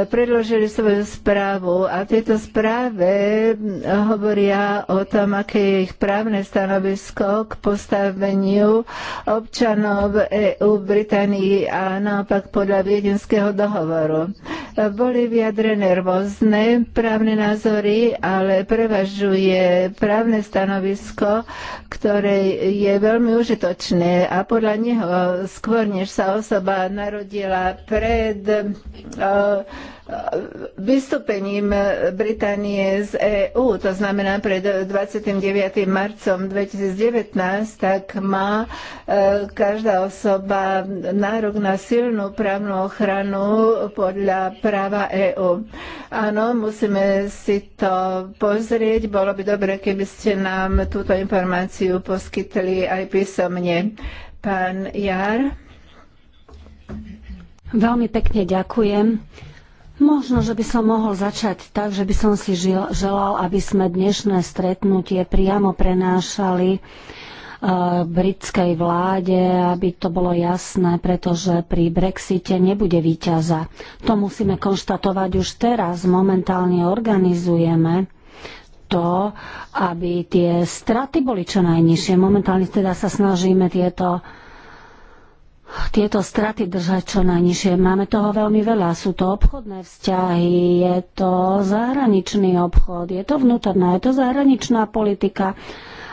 Predložili svoju správu a tieto správe hovoria o tom, aké je ich právne stanovisko k postaveniu občanov EU v Británii a naopak podľa Viedenského dohovoru. Boli vyjadrené rôzne právne názory, ale prevažuje právne stanovisko, ktoré je veľmi užitočné a podľa neho skôr, než sa osoba narodila pred uh, vystúpením Británie z EÚ, to znamená pred 29. marcom 2019, tak má e, každá osoba nárok na silnú právnu ochranu podľa práva EÚ. Áno, musíme si to pozrieť. Bolo by dobre, keby ste nám túto informáciu poskytli aj písomne. Pán Jar. Veľmi pekne ďakujem. Možno, že by som mohol začať tak, že by som si žil, želal, aby sme dnešné stretnutie priamo prenášali e, britskej vláde, aby to bolo jasné, pretože pri Brexite nebude víťaza. To musíme konštatovať už teraz. Momentálne organizujeme to, aby tie straty boli čo najnižšie. Momentálne teda sa snažíme tieto tieto straty držať čo najnižšie. Máme toho veľmi veľa. Sú to obchodné vzťahy, je to zahraničný obchod, je to vnútorná, je to zahraničná politika.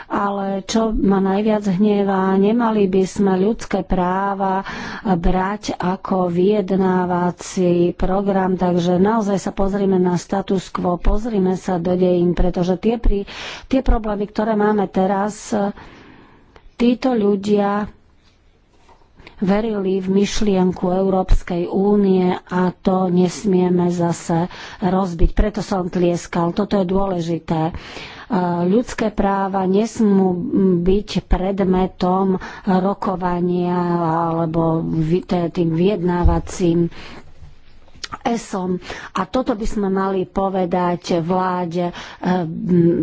Ale čo ma najviac hnievá, nemali by sme ľudské práva brať ako vyjednávací program, takže naozaj sa pozrime na status quo, pozrime sa do dejín, pretože tie, pri, tie problémy, ktoré máme teraz, títo ľudia verili v myšlienku Európskej únie a to nesmieme zase rozbiť. Preto som tlieskal. Toto je dôležité. E, ľudské práva nesmú byť predmetom rokovania alebo tým vyjednávacím ESOM. A toto by sme mali povedať vláde eh,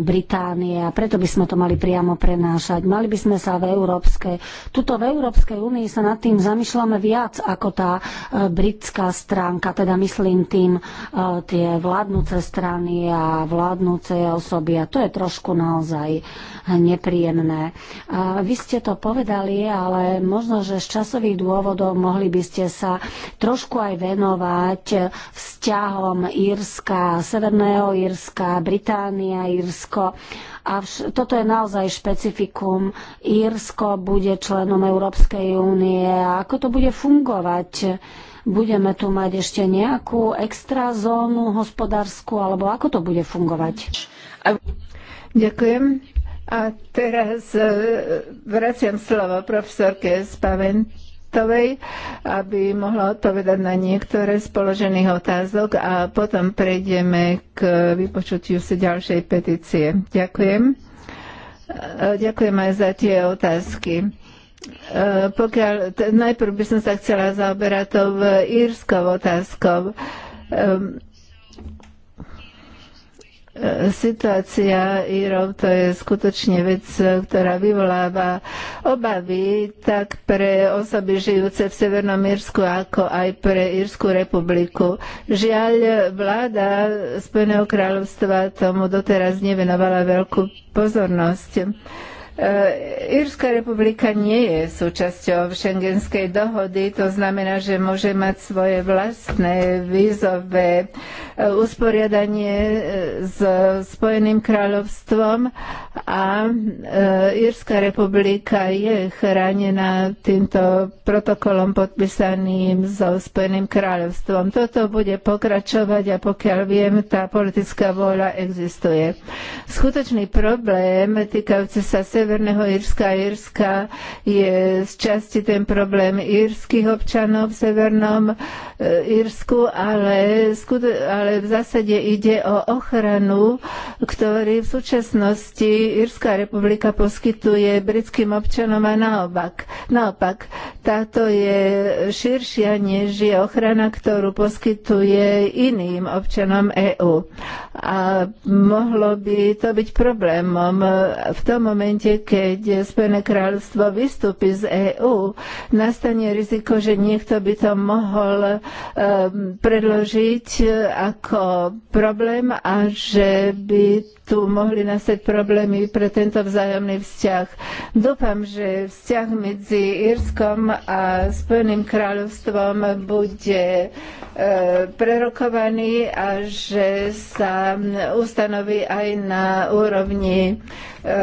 Británie a preto by sme to mali priamo prenášať. Mali by sme sa v Európskej, tuto v Európskej únii sa nad tým zamýšľame viac ako tá eh, britská stránka, teda myslím tým eh, tie vládnúce strany a vládnúce osoby a to je trošku naozaj nepríjemné. Vy ste to povedali, ale možno, že z časových dôvodov mohli by ste sa trošku aj venovať vzťahom Írska, Severného Írska, Británia, Írsko. A vš- toto je naozaj špecifikum. Írsko bude členom Európskej únie. A ako to bude fungovať? Budeme tu mať ešte nejakú extra zónu hospodárskú, alebo ako to bude fungovať? Ďakujem. A teraz eh, vraciam slovo profesorke Spaven Kristovej, aby mohla odpovedať na niektoré z položených otázok a potom prejdeme k vypočutiu si ďalšej petície. Ďakujem. E, ďakujem aj za tie otázky e, pokiaľ, najprv by som sa chcela zaoberať tou e, írskou otázkou. Ehm, Situácia Írov to je skutočne vec, ktorá vyvoláva obavy tak pre osoby žijúce v Severnom Írsku, ako aj pre Írsku republiku. Žiaľ, vláda Spojeného kráľovstva tomu doteraz nevenovala veľkú pozornosť. E, Írska republika nie je súčasťou šengenskej dohody, to znamená, že môže mať svoje vlastné vízové e, usporiadanie e, s Spojeným kráľovstvom a Írska republika je chránená týmto protokolom podpísaným so Spojeným kráľovstvom. Toto bude pokračovať a pokiaľ viem, tá politická vôľa existuje. Skutočný problém týkajúci sa Severného Írska a Írska je z časti ten problém írskych občanov v Severnom Írsku, e, ale, ale v zásade ide o ochranu, ktorý v súčasnosti Írska republika poskytuje britským občanom a naopak. Naopak, táto je širšia, než je ochrana, ktorú poskytuje iným občanom EÚ. A mohlo by to byť problémom v tom momente, keď Spojené kráľovstvo vystúpi z EÚ, nastane riziko, že niekto by to mohol um, predložiť eh, ako problém a že by tu mohli nastať problémy pre tento vzájomný vzťah. Dúfam, že vzťah medzi Írskom a Spojeným kráľovstvom bude e, prerokovaný a že sa ustanoví aj na úrovni E,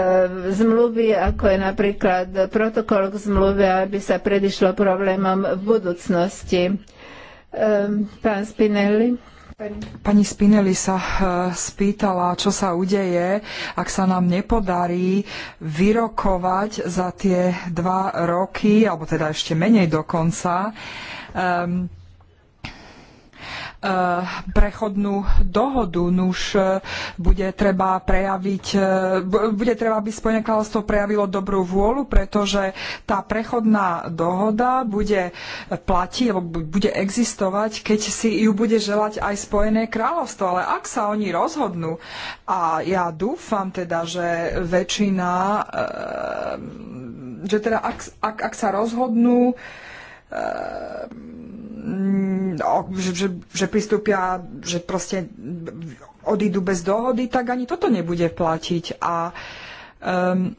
zmluvy, ako je napríklad protokol k zmluve, aby sa predišlo problémom v budúcnosti. E, pán Spinelli. Pani Spinelli sa e, spýtala, čo sa udeje, ak sa nám nepodarí vyrokovať za tie dva roky, alebo teda ešte menej dokonca, um, Eh, prechodnú dohodu. Nuž eh, bude treba prejaviť, eh, bude treba, aby Spojené kráľovstvo prejavilo dobrú vôľu, pretože tá prechodná dohoda bude platiť, alebo bude existovať, keď si ju bude želať aj Spojené kráľovstvo. Ale ak sa oni rozhodnú, a ja dúfam teda, že väčšina, že teda ak, ak, ak sa rozhodnú, že, že, že pristúpia, že proste odídu bez dohody, tak ani toto nebude platiť. A, um,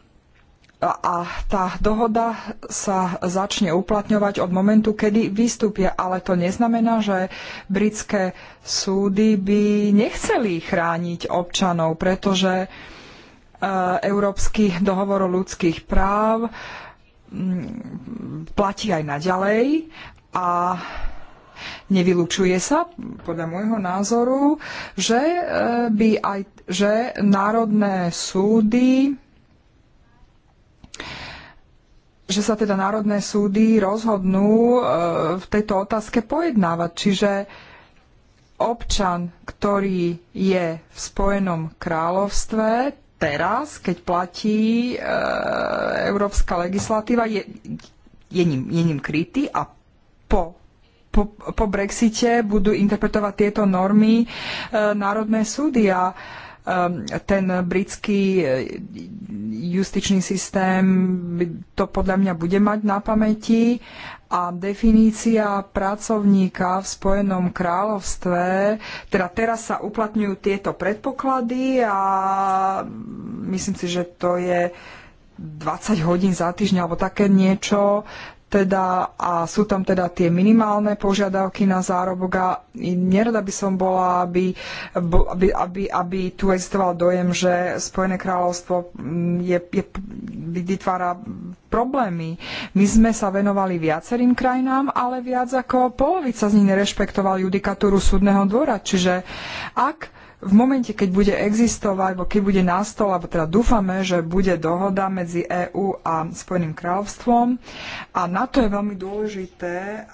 a tá dohoda sa začne uplatňovať od momentu, kedy vystúpia. Ale to neznamená, že britské súdy by nechceli chrániť občanov, pretože uh, Európsky dohovor o ľudských práv mm, platí aj naďalej a Nevylučuje sa, podľa môjho názoru, že, e, by aj, že národné súdy že sa teda národné súdy rozhodnú e, v tejto otázke pojednávať. Čiže občan, ktorý je v Spojenom kráľovstve, teraz, keď platí e, európska legislatíva, je, je, ním, je ním krytý a po po, po Brexite budú interpretovať tieto normy e, národné súdy a e, ten britský e, justičný systém to podľa mňa bude mať na pamäti a definícia pracovníka v Spojenom kráľovstve, teda teraz sa uplatňujú tieto predpoklady a myslím si, že to je 20 hodín za týždeň alebo také niečo teda, a sú tam teda tie minimálne požiadavky na zárobok a nerada by som bola, aby, aby, aby, aby tu existoval dojem, že Spojené kráľovstvo mm, je, je, vytvára problémy. My sme sa venovali viacerým krajinám, ale viac ako polovica z nich nerešpektoval judikatúru súdneho dvora. Čiže ak v momente, keď bude existovať, alebo keď bude na stole, alebo teda dúfame, že bude dohoda medzi EÚ a Spojeným kráľovstvom. A na to je veľmi dôležité,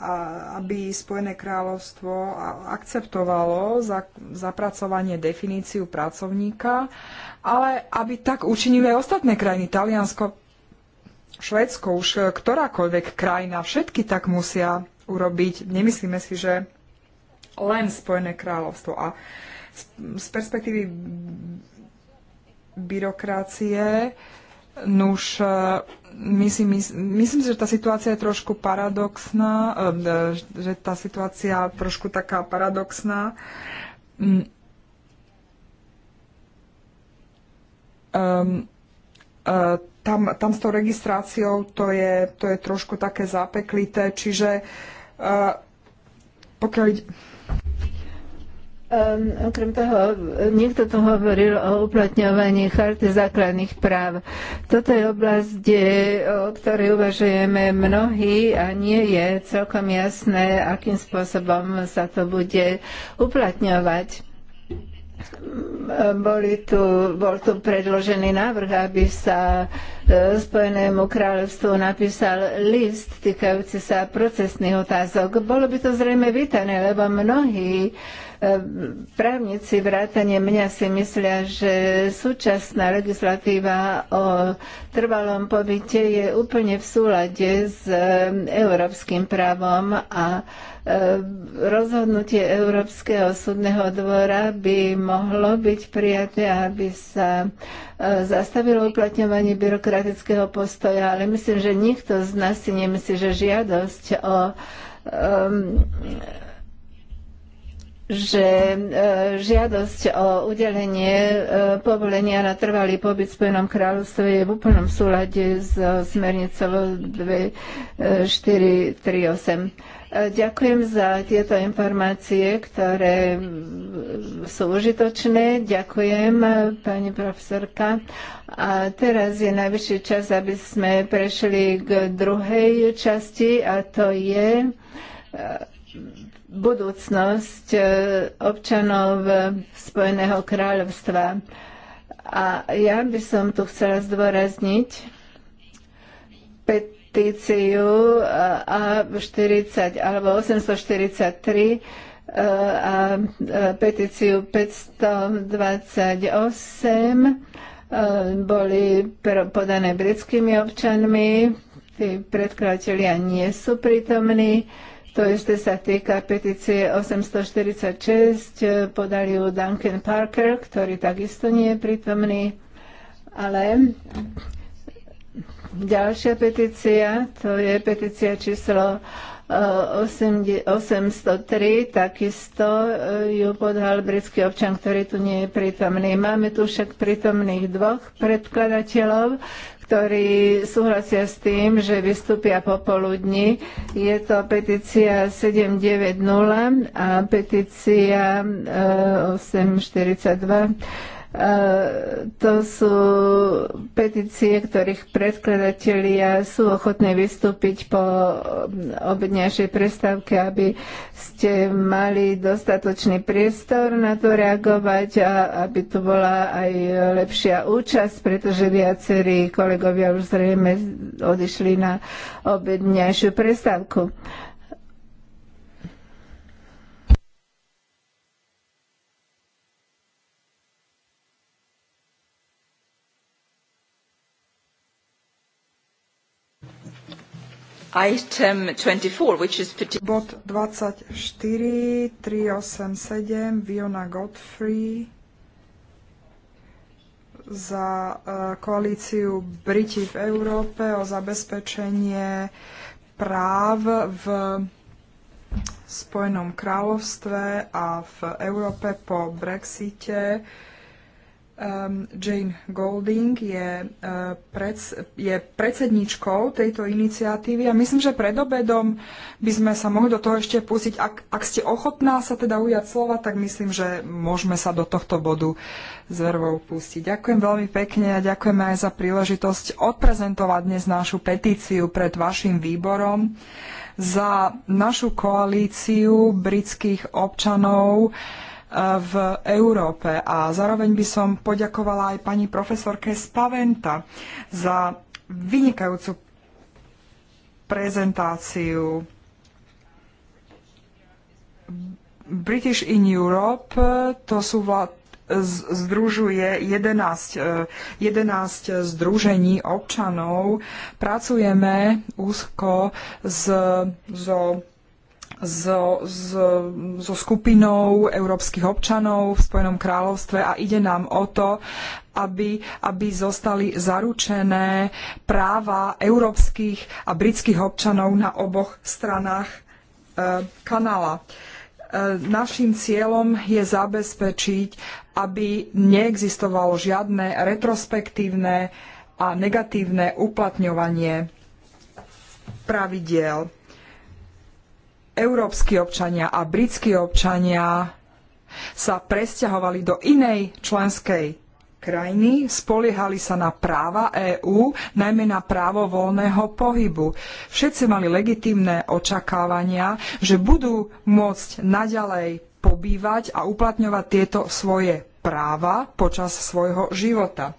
aby Spojené kráľovstvo akceptovalo zapracovanie definíciu pracovníka, ale aby tak učinili aj ostatné krajiny. Taliansko, Švedsko už ktorákoľvek krajina, všetky tak musia urobiť. Nemyslíme si, že len Spojené kráľovstvo. A z perspektívy byrokracie, nuž, e, myslím, myslím si, že tá situácia je trošku paradoxná, e, že tá situácia je trošku taká paradoxná. Um, uh, tam, tam s tou registráciou to je, to je trošku také zapeklité, čiže uh, pokiaľ Um, okrem toho, niekto tu hovoril o uplatňovaní charty základných práv. Toto je oblasť, kde, o ktorej uvažujeme mnohí a nie je celkom jasné, akým spôsobom sa to bude uplatňovať. Ehm, boli tu, bol tu predložený návrh, aby sa e, Spojenému kráľovstvu napísal list týkajúci sa procesných otázok. Bolo by to zrejme vítané, lebo mnohí uh, Právnici vrátane mňa si myslia, že súčasná legislatíva o trvalom pobyte je úplne v súlade s e, európskym právom a e, rozhodnutie Európskeho súdneho dvora by mohlo byť prijaté, aby sa e, zastavilo uplatňovanie byrokratického postoja, ale myslím, že nikto z nás si nemyslí, že žiadosť o um, že e, žiadosť o udelenie e, povolenia na trvalý pobyt v Spojenom kráľovstve je v úplnom súlade s e, smernicou 2438. Ďakujem za tieto informácie, ktoré sú užitočné. Ďakujem, pani profesorka. A teraz je najvyšší čas, aby sme prešli k druhej časti, a to je budúcnosť e, občanov e, Spojeného kráľovstva. A ja by som tu chcela zdôrazniť petíciu e, A40 alebo 843 a petíciu 528 boli podané britskými občanmi, tí predkladatelia nie sú prítomní to ešte sa týka petície 846, eh, podali ju Duncan Parker, ktorý takisto nie je prítomný, ale ďalšia petícia, to je petícia číslo 803, eh, takisto eh, ju podhal britský občan, ktorý tu nie je prítomný. Máme tu však prítomných dvoch predkladateľov, ktorí súhlasia s tým, že vystúpia popoludní. Je to petícia 790 a petícia 842 e, Eh, to sú petície, ktorých predkladatelia sú ochotné vystúpiť po mm, obedňajšej prestávke, aby ste mali dostatočný priestor na to reagovať a aby tu bola aj lepšia účasť, pretože viacerí kolegovia už zrejme odišli na obedňajšiu prestávku. Item 24, which is Bod 24, 387, Viona Godfrey za e, koalíciu Briti v Európe o zabezpečenie práv v Spojenom kráľovstve a v Európe po Brexite. Um, Jane Golding je, uh, pred, je predsedničkou tejto iniciatívy a myslím, že pred obedom by sme sa mohli do toho ešte pustiť. Ak, ak ste ochotná sa teda ujať slova, tak myslím, že môžeme sa do tohto bodu s vervou pustiť. Ďakujem veľmi pekne a ďakujeme aj za príležitosť odprezentovať dnes našu petíciu pred vašim výborom za našu koalíciu britských občanov, v Európe. A zároveň by som poďakovala aj pani profesorke Spaventa za vynikajúcu prezentáciu British in Europe, e, to sú vlá, združuje 11, 11 e, združení občanov. Pracujeme úzko s, so so, so, so skupinou európskych občanov v Spojenom kráľovstve a ide nám o to, aby, aby zostali zaručené práva európskych a britských občanov na oboch stranách e, kanála. E, našim cieľom je zabezpečiť, aby neexistovalo žiadne retrospektívne a negatívne uplatňovanie pravidiel európski občania a britskí občania sa presťahovali do inej členskej krajiny, spoliehali sa na práva EÚ, najmä na právo voľného pohybu. Všetci mali legitímne očakávania, že budú môcť naďalej pobývať a uplatňovať tieto svoje práva počas svojho života.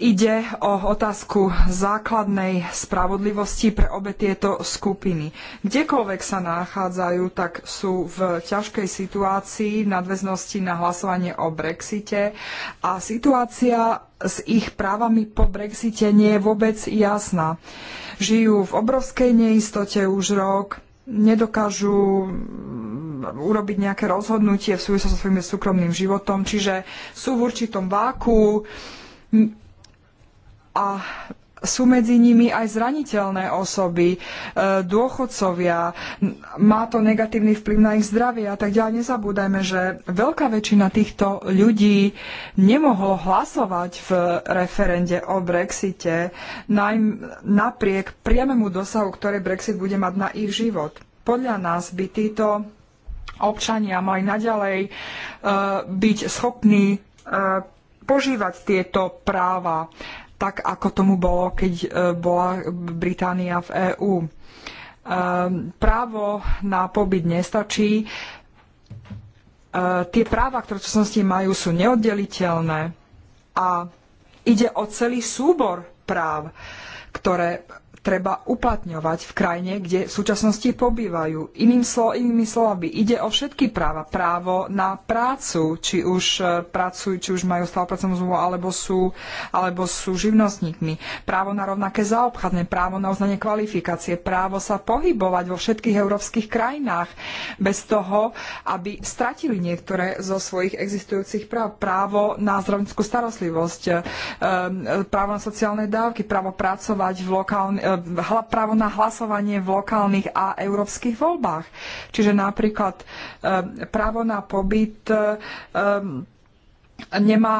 Ide o otázku základnej spravodlivosti pre obe tieto skupiny. Kdekoľvek sa nachádzajú, tak sú v ťažkej situácii v nadväznosti na hlasovanie o Brexite a situácia s ich právami po Brexite nie je vôbec jasná. Žijú v obrovskej neistote už rok, nedokážu urobiť nejaké rozhodnutie v súvislosti so svojím súkromným životom, čiže sú v určitom váku, a sú medzi nimi aj zraniteľné osoby, e, dôchodcovia, má to negatívny vplyv na ich zdravie a tak ďalej. Nezabúdajme, že veľká väčšina týchto ľudí nemohlo hlasovať v referende o Brexite napriek priamemu dosahu, ktoré Brexit bude mať na ich život. Podľa nás by títo občania mali naďalej e, byť schopní e, požívať tieto práva tak ako tomu bolo, keď e, bola Británia v EÚ. E, právo na pobyt nestačí. E, tie práva, ktoré v súčasnosti majú, sú neoddeliteľné a ide o celý súbor práv, ktoré treba uplatňovať v krajine, kde v súčasnosti pobývajú. Iným slo, inými slovami, ide o všetky práva. Právo na prácu, či už e, pracujú, či už majú stále pracovnú zmluvu, alebo sú, alebo sú živnostníkmi. Právo na rovnaké zaobchádzanie, právo na uznanie kvalifikácie, právo sa pohybovať vo všetkých európskych krajinách bez toho, aby stratili niektoré zo svojich existujúcich práv. Právo na zdravotníckú starostlivosť, e, e, právo na sociálne dávky, právo pracovať v lokálnej Eh, právo na hlasovanie v lokálnych a európskych voľbách. Čiže napríklad eh, právo na pobyt eh, nemá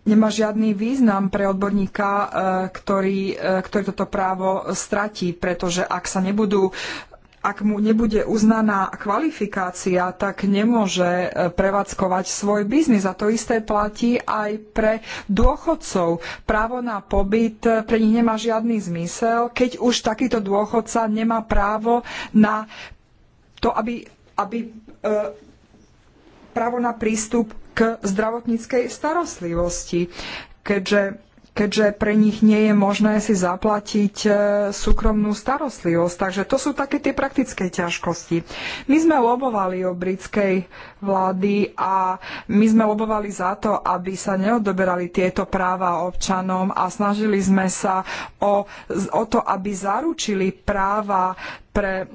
nemá žiadny význam pre odborníka, ktorý, ktorý toto právo stratí, pretože ak sa nebudú ak mu nebude uznaná kvalifikácia, tak nemôže e, prevádzkovať svoj biznis. A to isté platí aj pre dôchodcov. Právo na pobyt e, pre nich nemá žiadny zmysel, keď už takýto dôchodca nemá právo na to, aby, aby e, právo na prístup k zdravotníckej starostlivosti. Keďže keďže pre nich nie je možné si zaplatiť e, súkromnú starostlivosť. Takže to sú také tie praktické ťažkosti. My sme lobovali o britskej vlády a my sme lobovali za to, aby sa neodoberali tieto práva občanom a snažili sme sa o, o to, aby zaručili práva pre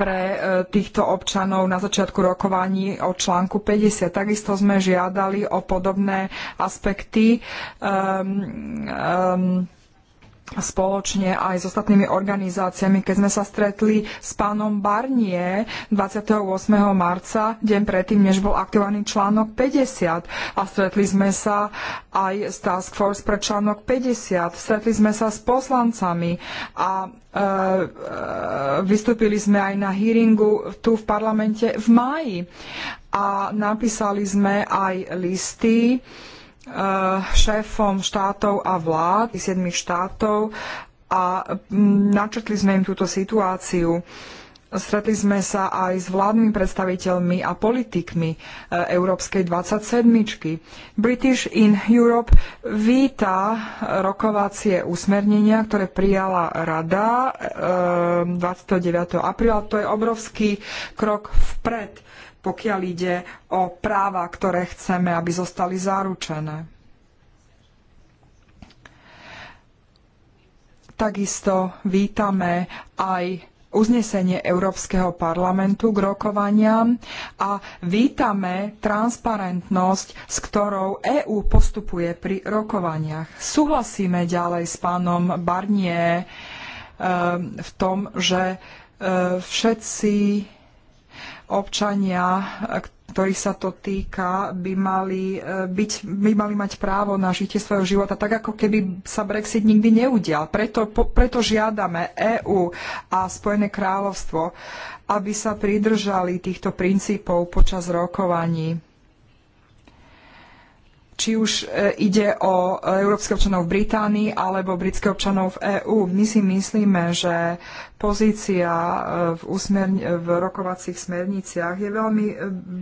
pre e, týchto občanov na začiatku rokovaní o článku 50. Takisto sme žiadali o podobné aspekty. Um, um, spoločne aj s ostatnými organizáciami, keď sme sa stretli s pánom Barnie 28. marca, deň predtým, než bol aktivovaný článok 50. A stretli sme sa aj s Task Force pre článok 50. Stretli sme sa s poslancami a e, e, vystúpili sme aj na hearingu tu v parlamente v máji. A napísali sme aj listy, Eh, šéfom štátov a vlád, siedmých štátov a mm, načrtli sme im túto situáciu. Stretli sme sa aj s vládnymi predstaviteľmi a politikmi eh, Európskej 27. British in Europe víta eh, rokovacie usmernenia, ktoré prijala Rada 29. apríla. To je obrovský krok vpred pokiaľ ide o práva, ktoré chceme, aby zostali zaručené. Takisto vítame aj uznesenie Európskeho parlamentu k rokovaniam a vítame transparentnosť, s ktorou EÚ postupuje pri rokovaniach. Súhlasíme ďalej s pánom Barnier ehm, v tom, že ehm, všetci občania, ktorých sa to týka, by mali, e, byť, by mali mať právo na žitie svojho života, tak ako keby sa Brexit nikdy neudial. Preto, po, preto žiadame EÚ a Spojené kráľovstvo, aby sa pridržali týchto princípov počas rokovaní či už e, ide o e, európskych občanov v Británii alebo britských občanov v EÚ. My si myslíme, že pozícia e, v, usmerni- v rokovacích smerniciach je veľmi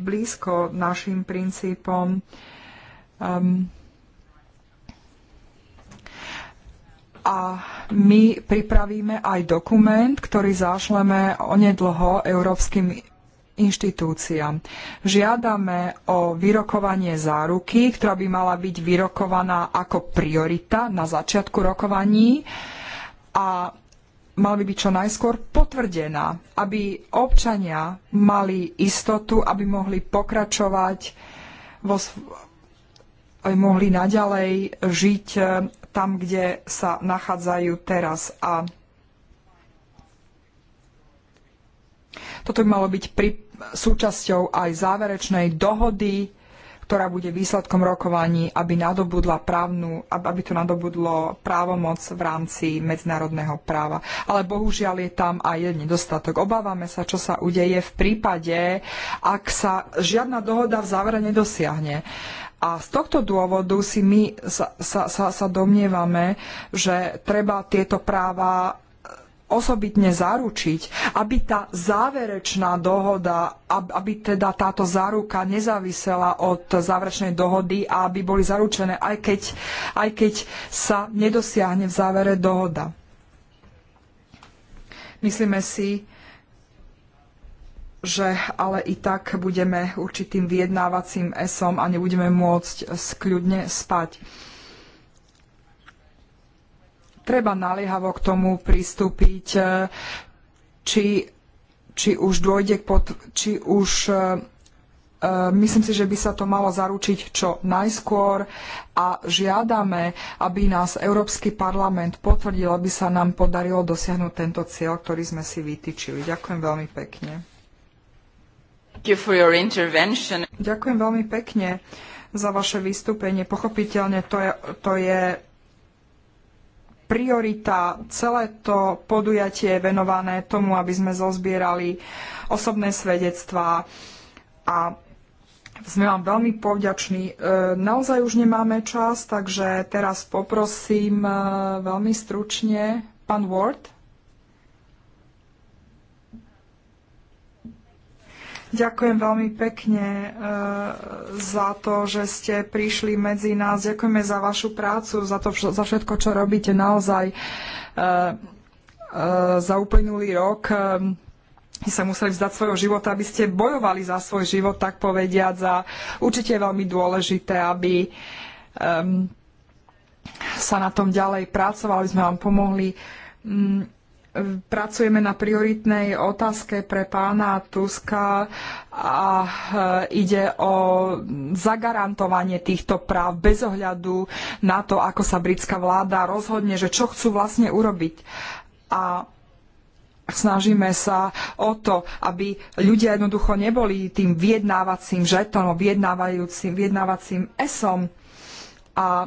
blízko našim princípom. Um, a my pripravíme aj dokument, ktorý zašleme onedlho európskym inštitúciám. Žiadame o vyrokovanie záruky, ktorá by mala byť vyrokovaná ako priorita na začiatku rokovaní a mal by byť čo najskôr potvrdená, aby občania mali istotu, aby mohli pokračovať, vo, aby mohli naďalej žiť e, tam, kde sa nachádzajú teraz. A toto by malo byť pri, súčasťou aj záverečnej dohody, ktorá bude výsledkom rokovaní, aby, nadobudla právnu, aby to nadobudlo právomoc v rámci medzinárodného práva. Ale bohužiaľ je tam aj jeden nedostatok. Obávame sa, čo sa udeje v prípade, ak sa žiadna dohoda v závere nedosiahne. A z tohto dôvodu si my sa, sa, sa, sa domnievame, že treba tieto práva osobitne zaručiť, aby tá záverečná dohoda, aby teda táto záruka nezávisela od záverečnej dohody a aby boli zaručené, aj keď, aj keď sa nedosiahne v závere dohoda. Myslíme si, že ale i tak budeme určitým vyjednávacím esom a nebudeme môcť skľudne spať treba naliehavo k tomu pristúpiť, e, či, či už dôjde k pod, či už e, e, Myslím si, že by sa to malo zaručiť čo najskôr a žiadame, aby nás Európsky parlament potvrdil, aby sa nám podarilo dosiahnuť tento cieľ, ktorý sme si vytýčili. Ďakujem veľmi pekne. Ďakujem veľmi pekne za vaše vystúpenie. Pochopiteľne to je, to je priorita, celé to podujatie je venované tomu, aby sme zozbierali osobné svedectvá a sme vám veľmi povďační. E, naozaj už nemáme čas, takže teraz poprosím e, veľmi stručne pán Ward. Ďakujem veľmi pekne e, za to, že ste prišli medzi nás. Ďakujeme za vašu prácu, za, to, za všetko, čo robíte naozaj e, e, za uplynulý rok sa museli vzdať svojho života, aby ste bojovali za svoj život, tak povediať. A určite je veľmi dôležité, aby um, sa na tom ďalej pracovali, aby sme vám pomohli. Um, pracujeme na prioritnej otázke pre pána Tuska a e, ide o zagarantovanie týchto práv bez ohľadu na to, ako sa britská vláda rozhodne, že čo chcú vlastne urobiť. A snažíme sa o to, aby ľudia jednoducho neboli tým vyjednávacím žetonom, vyjednávajúcim, vyjednávacím esom. A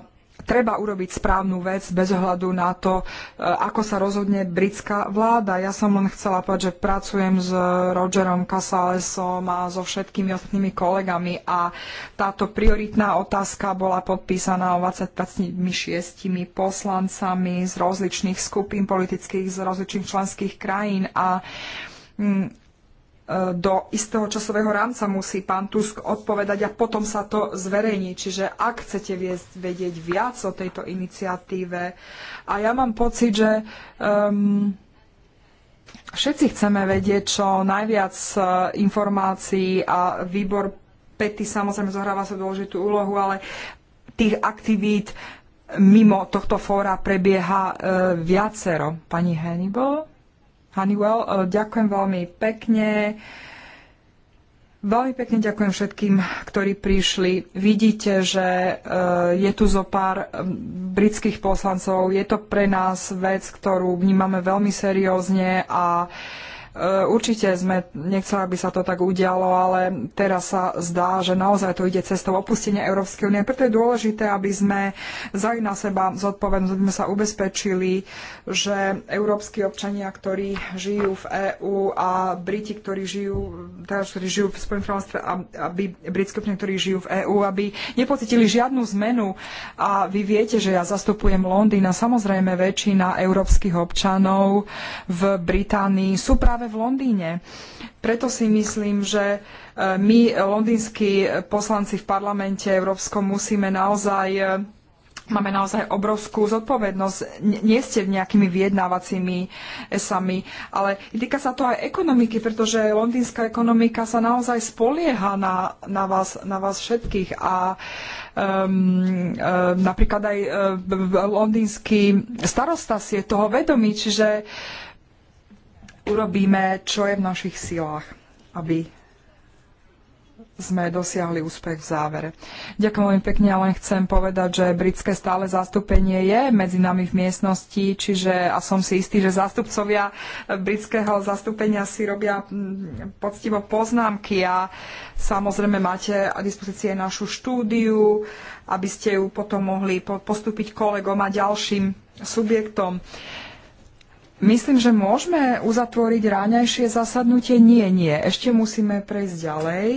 treba urobiť správnu vec bez ohľadu na to, e, ako sa rozhodne britská vláda. Ja som len chcela povedať, že pracujem s Rogerom Casalesom a so všetkými ostatnými kolegami a táto prioritná otázka bola podpísaná 26 poslancami z rozličných skupín politických, z rozličných členských krajín a mm, do istého časového rámca musí pán Tusk odpovedať a potom sa to zverejní. Čiže ak chcete vedieť viac o tejto iniciatíve, a ja mám pocit, že um, všetci chceme vedieť čo najviac e, informácií a výbor pety samozrejme zohráva sa dôležitú úlohu, ale tých aktivít mimo tohto fóra prebieha e, viacero. Pani Hannibal? Honeywell. E, ďakujem veľmi pekne. Veľmi pekne ďakujem všetkým, ktorí prišli. Vidíte, že e, je tu zo pár e, britských poslancov. Je to pre nás vec, ktorú vnímame veľmi seriózne a E, určite sme, nechceli, aby sa to tak udialo, ale teraz sa zdá, že naozaj to ide cestou opustenia Európskej únie. Preto je dôležité, aby sme zali na seba zodpovednosť, aby sme sa ubezpečili, že európsky občania, ktorí žijú v EÚ a Briti, ktorí žijú, teda, ktorí žijú v Spojených kráľovstve, aby britskí občania, ktorí žijú v EÚ, aby nepocitili žiadnu zmenu. A vy viete, že ja zastupujem Londýn a samozrejme väčšina európskych občanov v Británii sú práve práve v Londýne. Preto si myslím, že e, my, londýnsky poslanci v parlamente Európskom, musíme naozaj e, máme naozaj obrovskú zodpovednosť. Nie ste nejakými vyjednávacími esami, ale týka sa to aj ekonomiky, pretože londýnska ekonomika sa naozaj spolieha na, na, vás, na vás všetkých a um, um, napríklad aj um, e, londýnsky starosta si je toho vedomý, čiže urobíme, čo je v našich silách, aby sme dosiahli úspech v závere. Ďakujem veľmi pekne ale len chcem povedať, že britské stále zastúpenie je medzi nami v miestnosti, čiže a som si istý, že zástupcovia britského zastúpenia si robia poctivo poznámky a samozrejme máte a dispozície našu štúdiu, aby ste ju potom mohli postúpiť kolegom a ďalším subjektom. Myslím, že môžeme uzatvoriť ráňajšie zasadnutie. Nie, nie. Ešte musíme prejsť ďalej.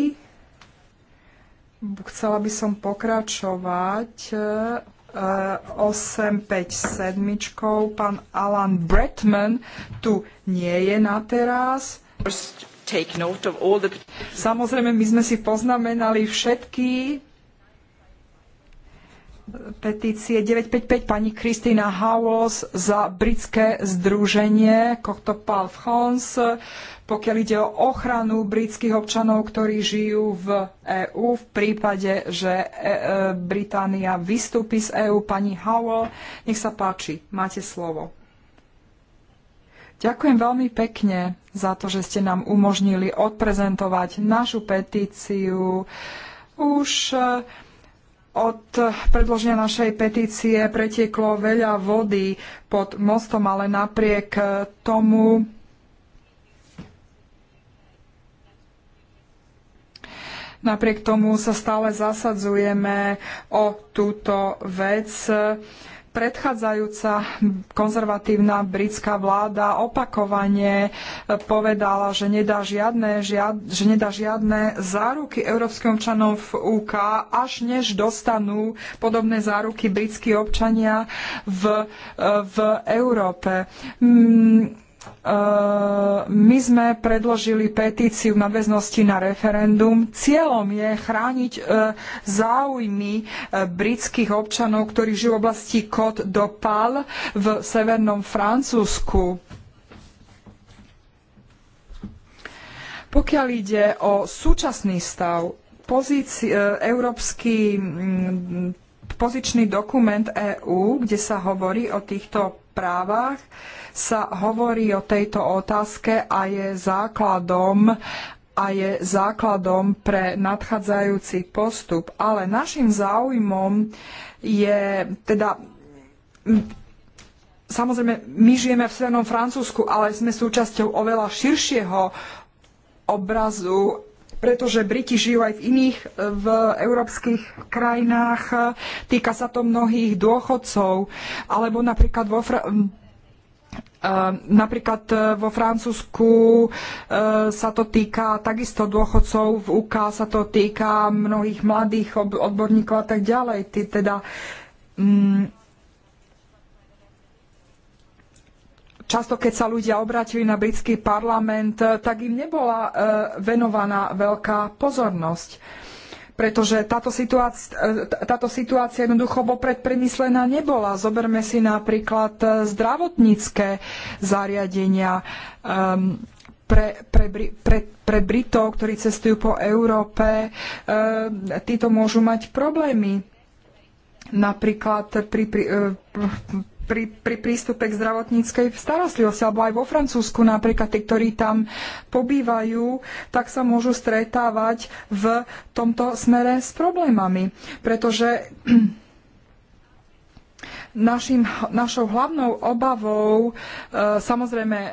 Chcela by som pokračovať 857. E, Pán Alan Bretman tu nie je na teraz. Samozrejme, my sme si poznamenali všetky petície 955 pani Kristýna Howells za britské združenie Coctopal France, pokiaľ ide o ochranu britských občanov, ktorí žijú v EÚ v prípade, že e, e, Británia vystúpi z EÚ. Pani Howell, nech sa páči, máte slovo. Ďakujem veľmi pekne za to, že ste nám umožnili odprezentovať našu petíciu. Už e, od predloženia našej petície pretieklo veľa vody pod mostom, ale napriek tomu Napriek tomu sa stále zasadzujeme o túto vec predchádzajúca konzervatívna britská vláda opakovane e, povedala, že nedá žiadne, žiad, že nedá žiadne záruky európskym občanom v UK, až než dostanú podobné záruky britskí občania v, e, v Európe. Mm, Ehm, my sme predložili petíciu v nadväznosti na referendum. Cieľom je chrániť e, záujmy e, britských občanov, ktorí žijú v oblasti Côte d'Opal v severnom Francúzsku. Pokiaľ ide o súčasný stav, pozíci, e, európsky pozičný dokument EÚ, kde sa hovorí o týchto správach sa hovorí o tejto otázke a je základom a je základom pre nadchádzajúci postup. Ale našim záujmom je teda samozrejme, my žijeme v Severnom Francúzsku, ale sme súčasťou oveľa širšieho obrazu pretože Briti žijú aj v iných e, v európskych krajinách. Týka sa to mnohých dôchodcov, alebo napríklad vo Fra- e, Napríklad e, vo Francúzsku sa to týka takisto dôchodcov, v UK sa to týka mnohých mladých odborníkov a tak ďalej. Ty teda, často keď sa ľudia obratili na britský parlament, eh, tak im nebola eh, venovaná veľká pozornosť. Pretože táto situácia, eh, táto situácia jednoducho vopred premyslená nebola. Zoberme si napríklad zdravotnícke zariadenia. Ehm, pre, pre, pre, pre, Britov, ktorí cestujú po Európe, ehm, títo môžu mať problémy. Napríklad pri, pri, pri, pri prístupe k zdravotníckej starostlivosti, alebo aj vo Francúzsku napríklad, tí, ktorí tam pobývajú, tak sa môžu stretávať v tomto smere s problémami. Pretože našim, našou hlavnou obavou, e, samozrejme, e,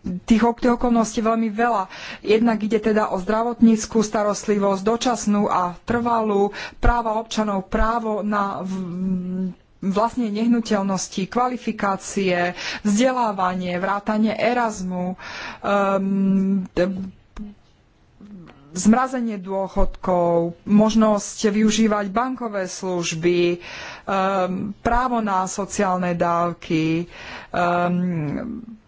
tých okolností veľmi veľa. Jednak ide teda o zdravotníckú starostlivosť, dočasnú a trvalú, práva občanov, právo na vlastne nehnuteľnosti, kvalifikácie, vzdelávanie, vrátanie Erasmu, um, zmrazenie dôchodkov, možnosť využívať bankové služby, um, právo na sociálne dávky, um,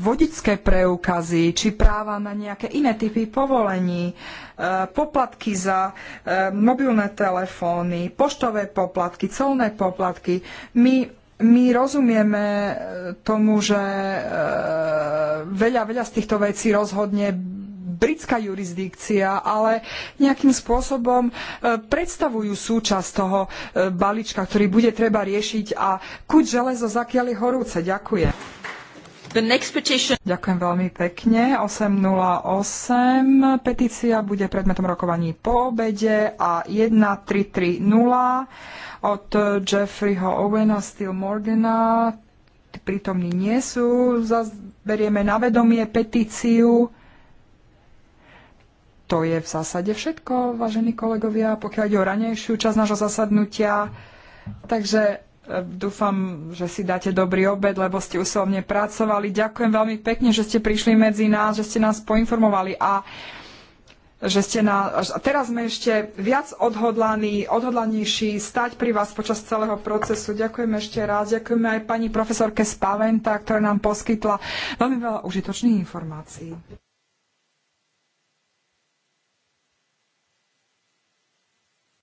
vodické preukazy, či práva na nejaké iné typy povolení, e, poplatky za e, mobilné telefóny, poštové poplatky, colné poplatky. My, my rozumieme e, tomu, že veľa, veľa z týchto vecí rozhodne britská jurisdikcia, ale nejakým spôsobom predstavujú súčasť toho balíčka, ktorý bude treba riešiť a kuť železo, zakiaľ je horúce. Ďakujem. Ďakujem veľmi pekne. 808. Petícia bude predmetom rokovaní po obede a 1330 od Jeffreyho Owena Steel Morgana prítomní nie sú. Zaberieme na vedomie petíciu. To je v zásade všetko, vážení kolegovia, pokiaľ ide o ranejšiu časť nášho zasadnutia. Takže Dúfam, že si dáte dobrý obed, lebo ste usilovne pracovali. Ďakujem veľmi pekne, že ste prišli medzi nás, že ste nás poinformovali a že ste na, teraz sme ešte viac odhodlaní, odhodlanejší stať pri vás počas celého procesu. Ďakujem ešte raz. Ďakujeme aj pani profesorke Spaventa, ktorá nám poskytla veľmi veľa užitočných informácií.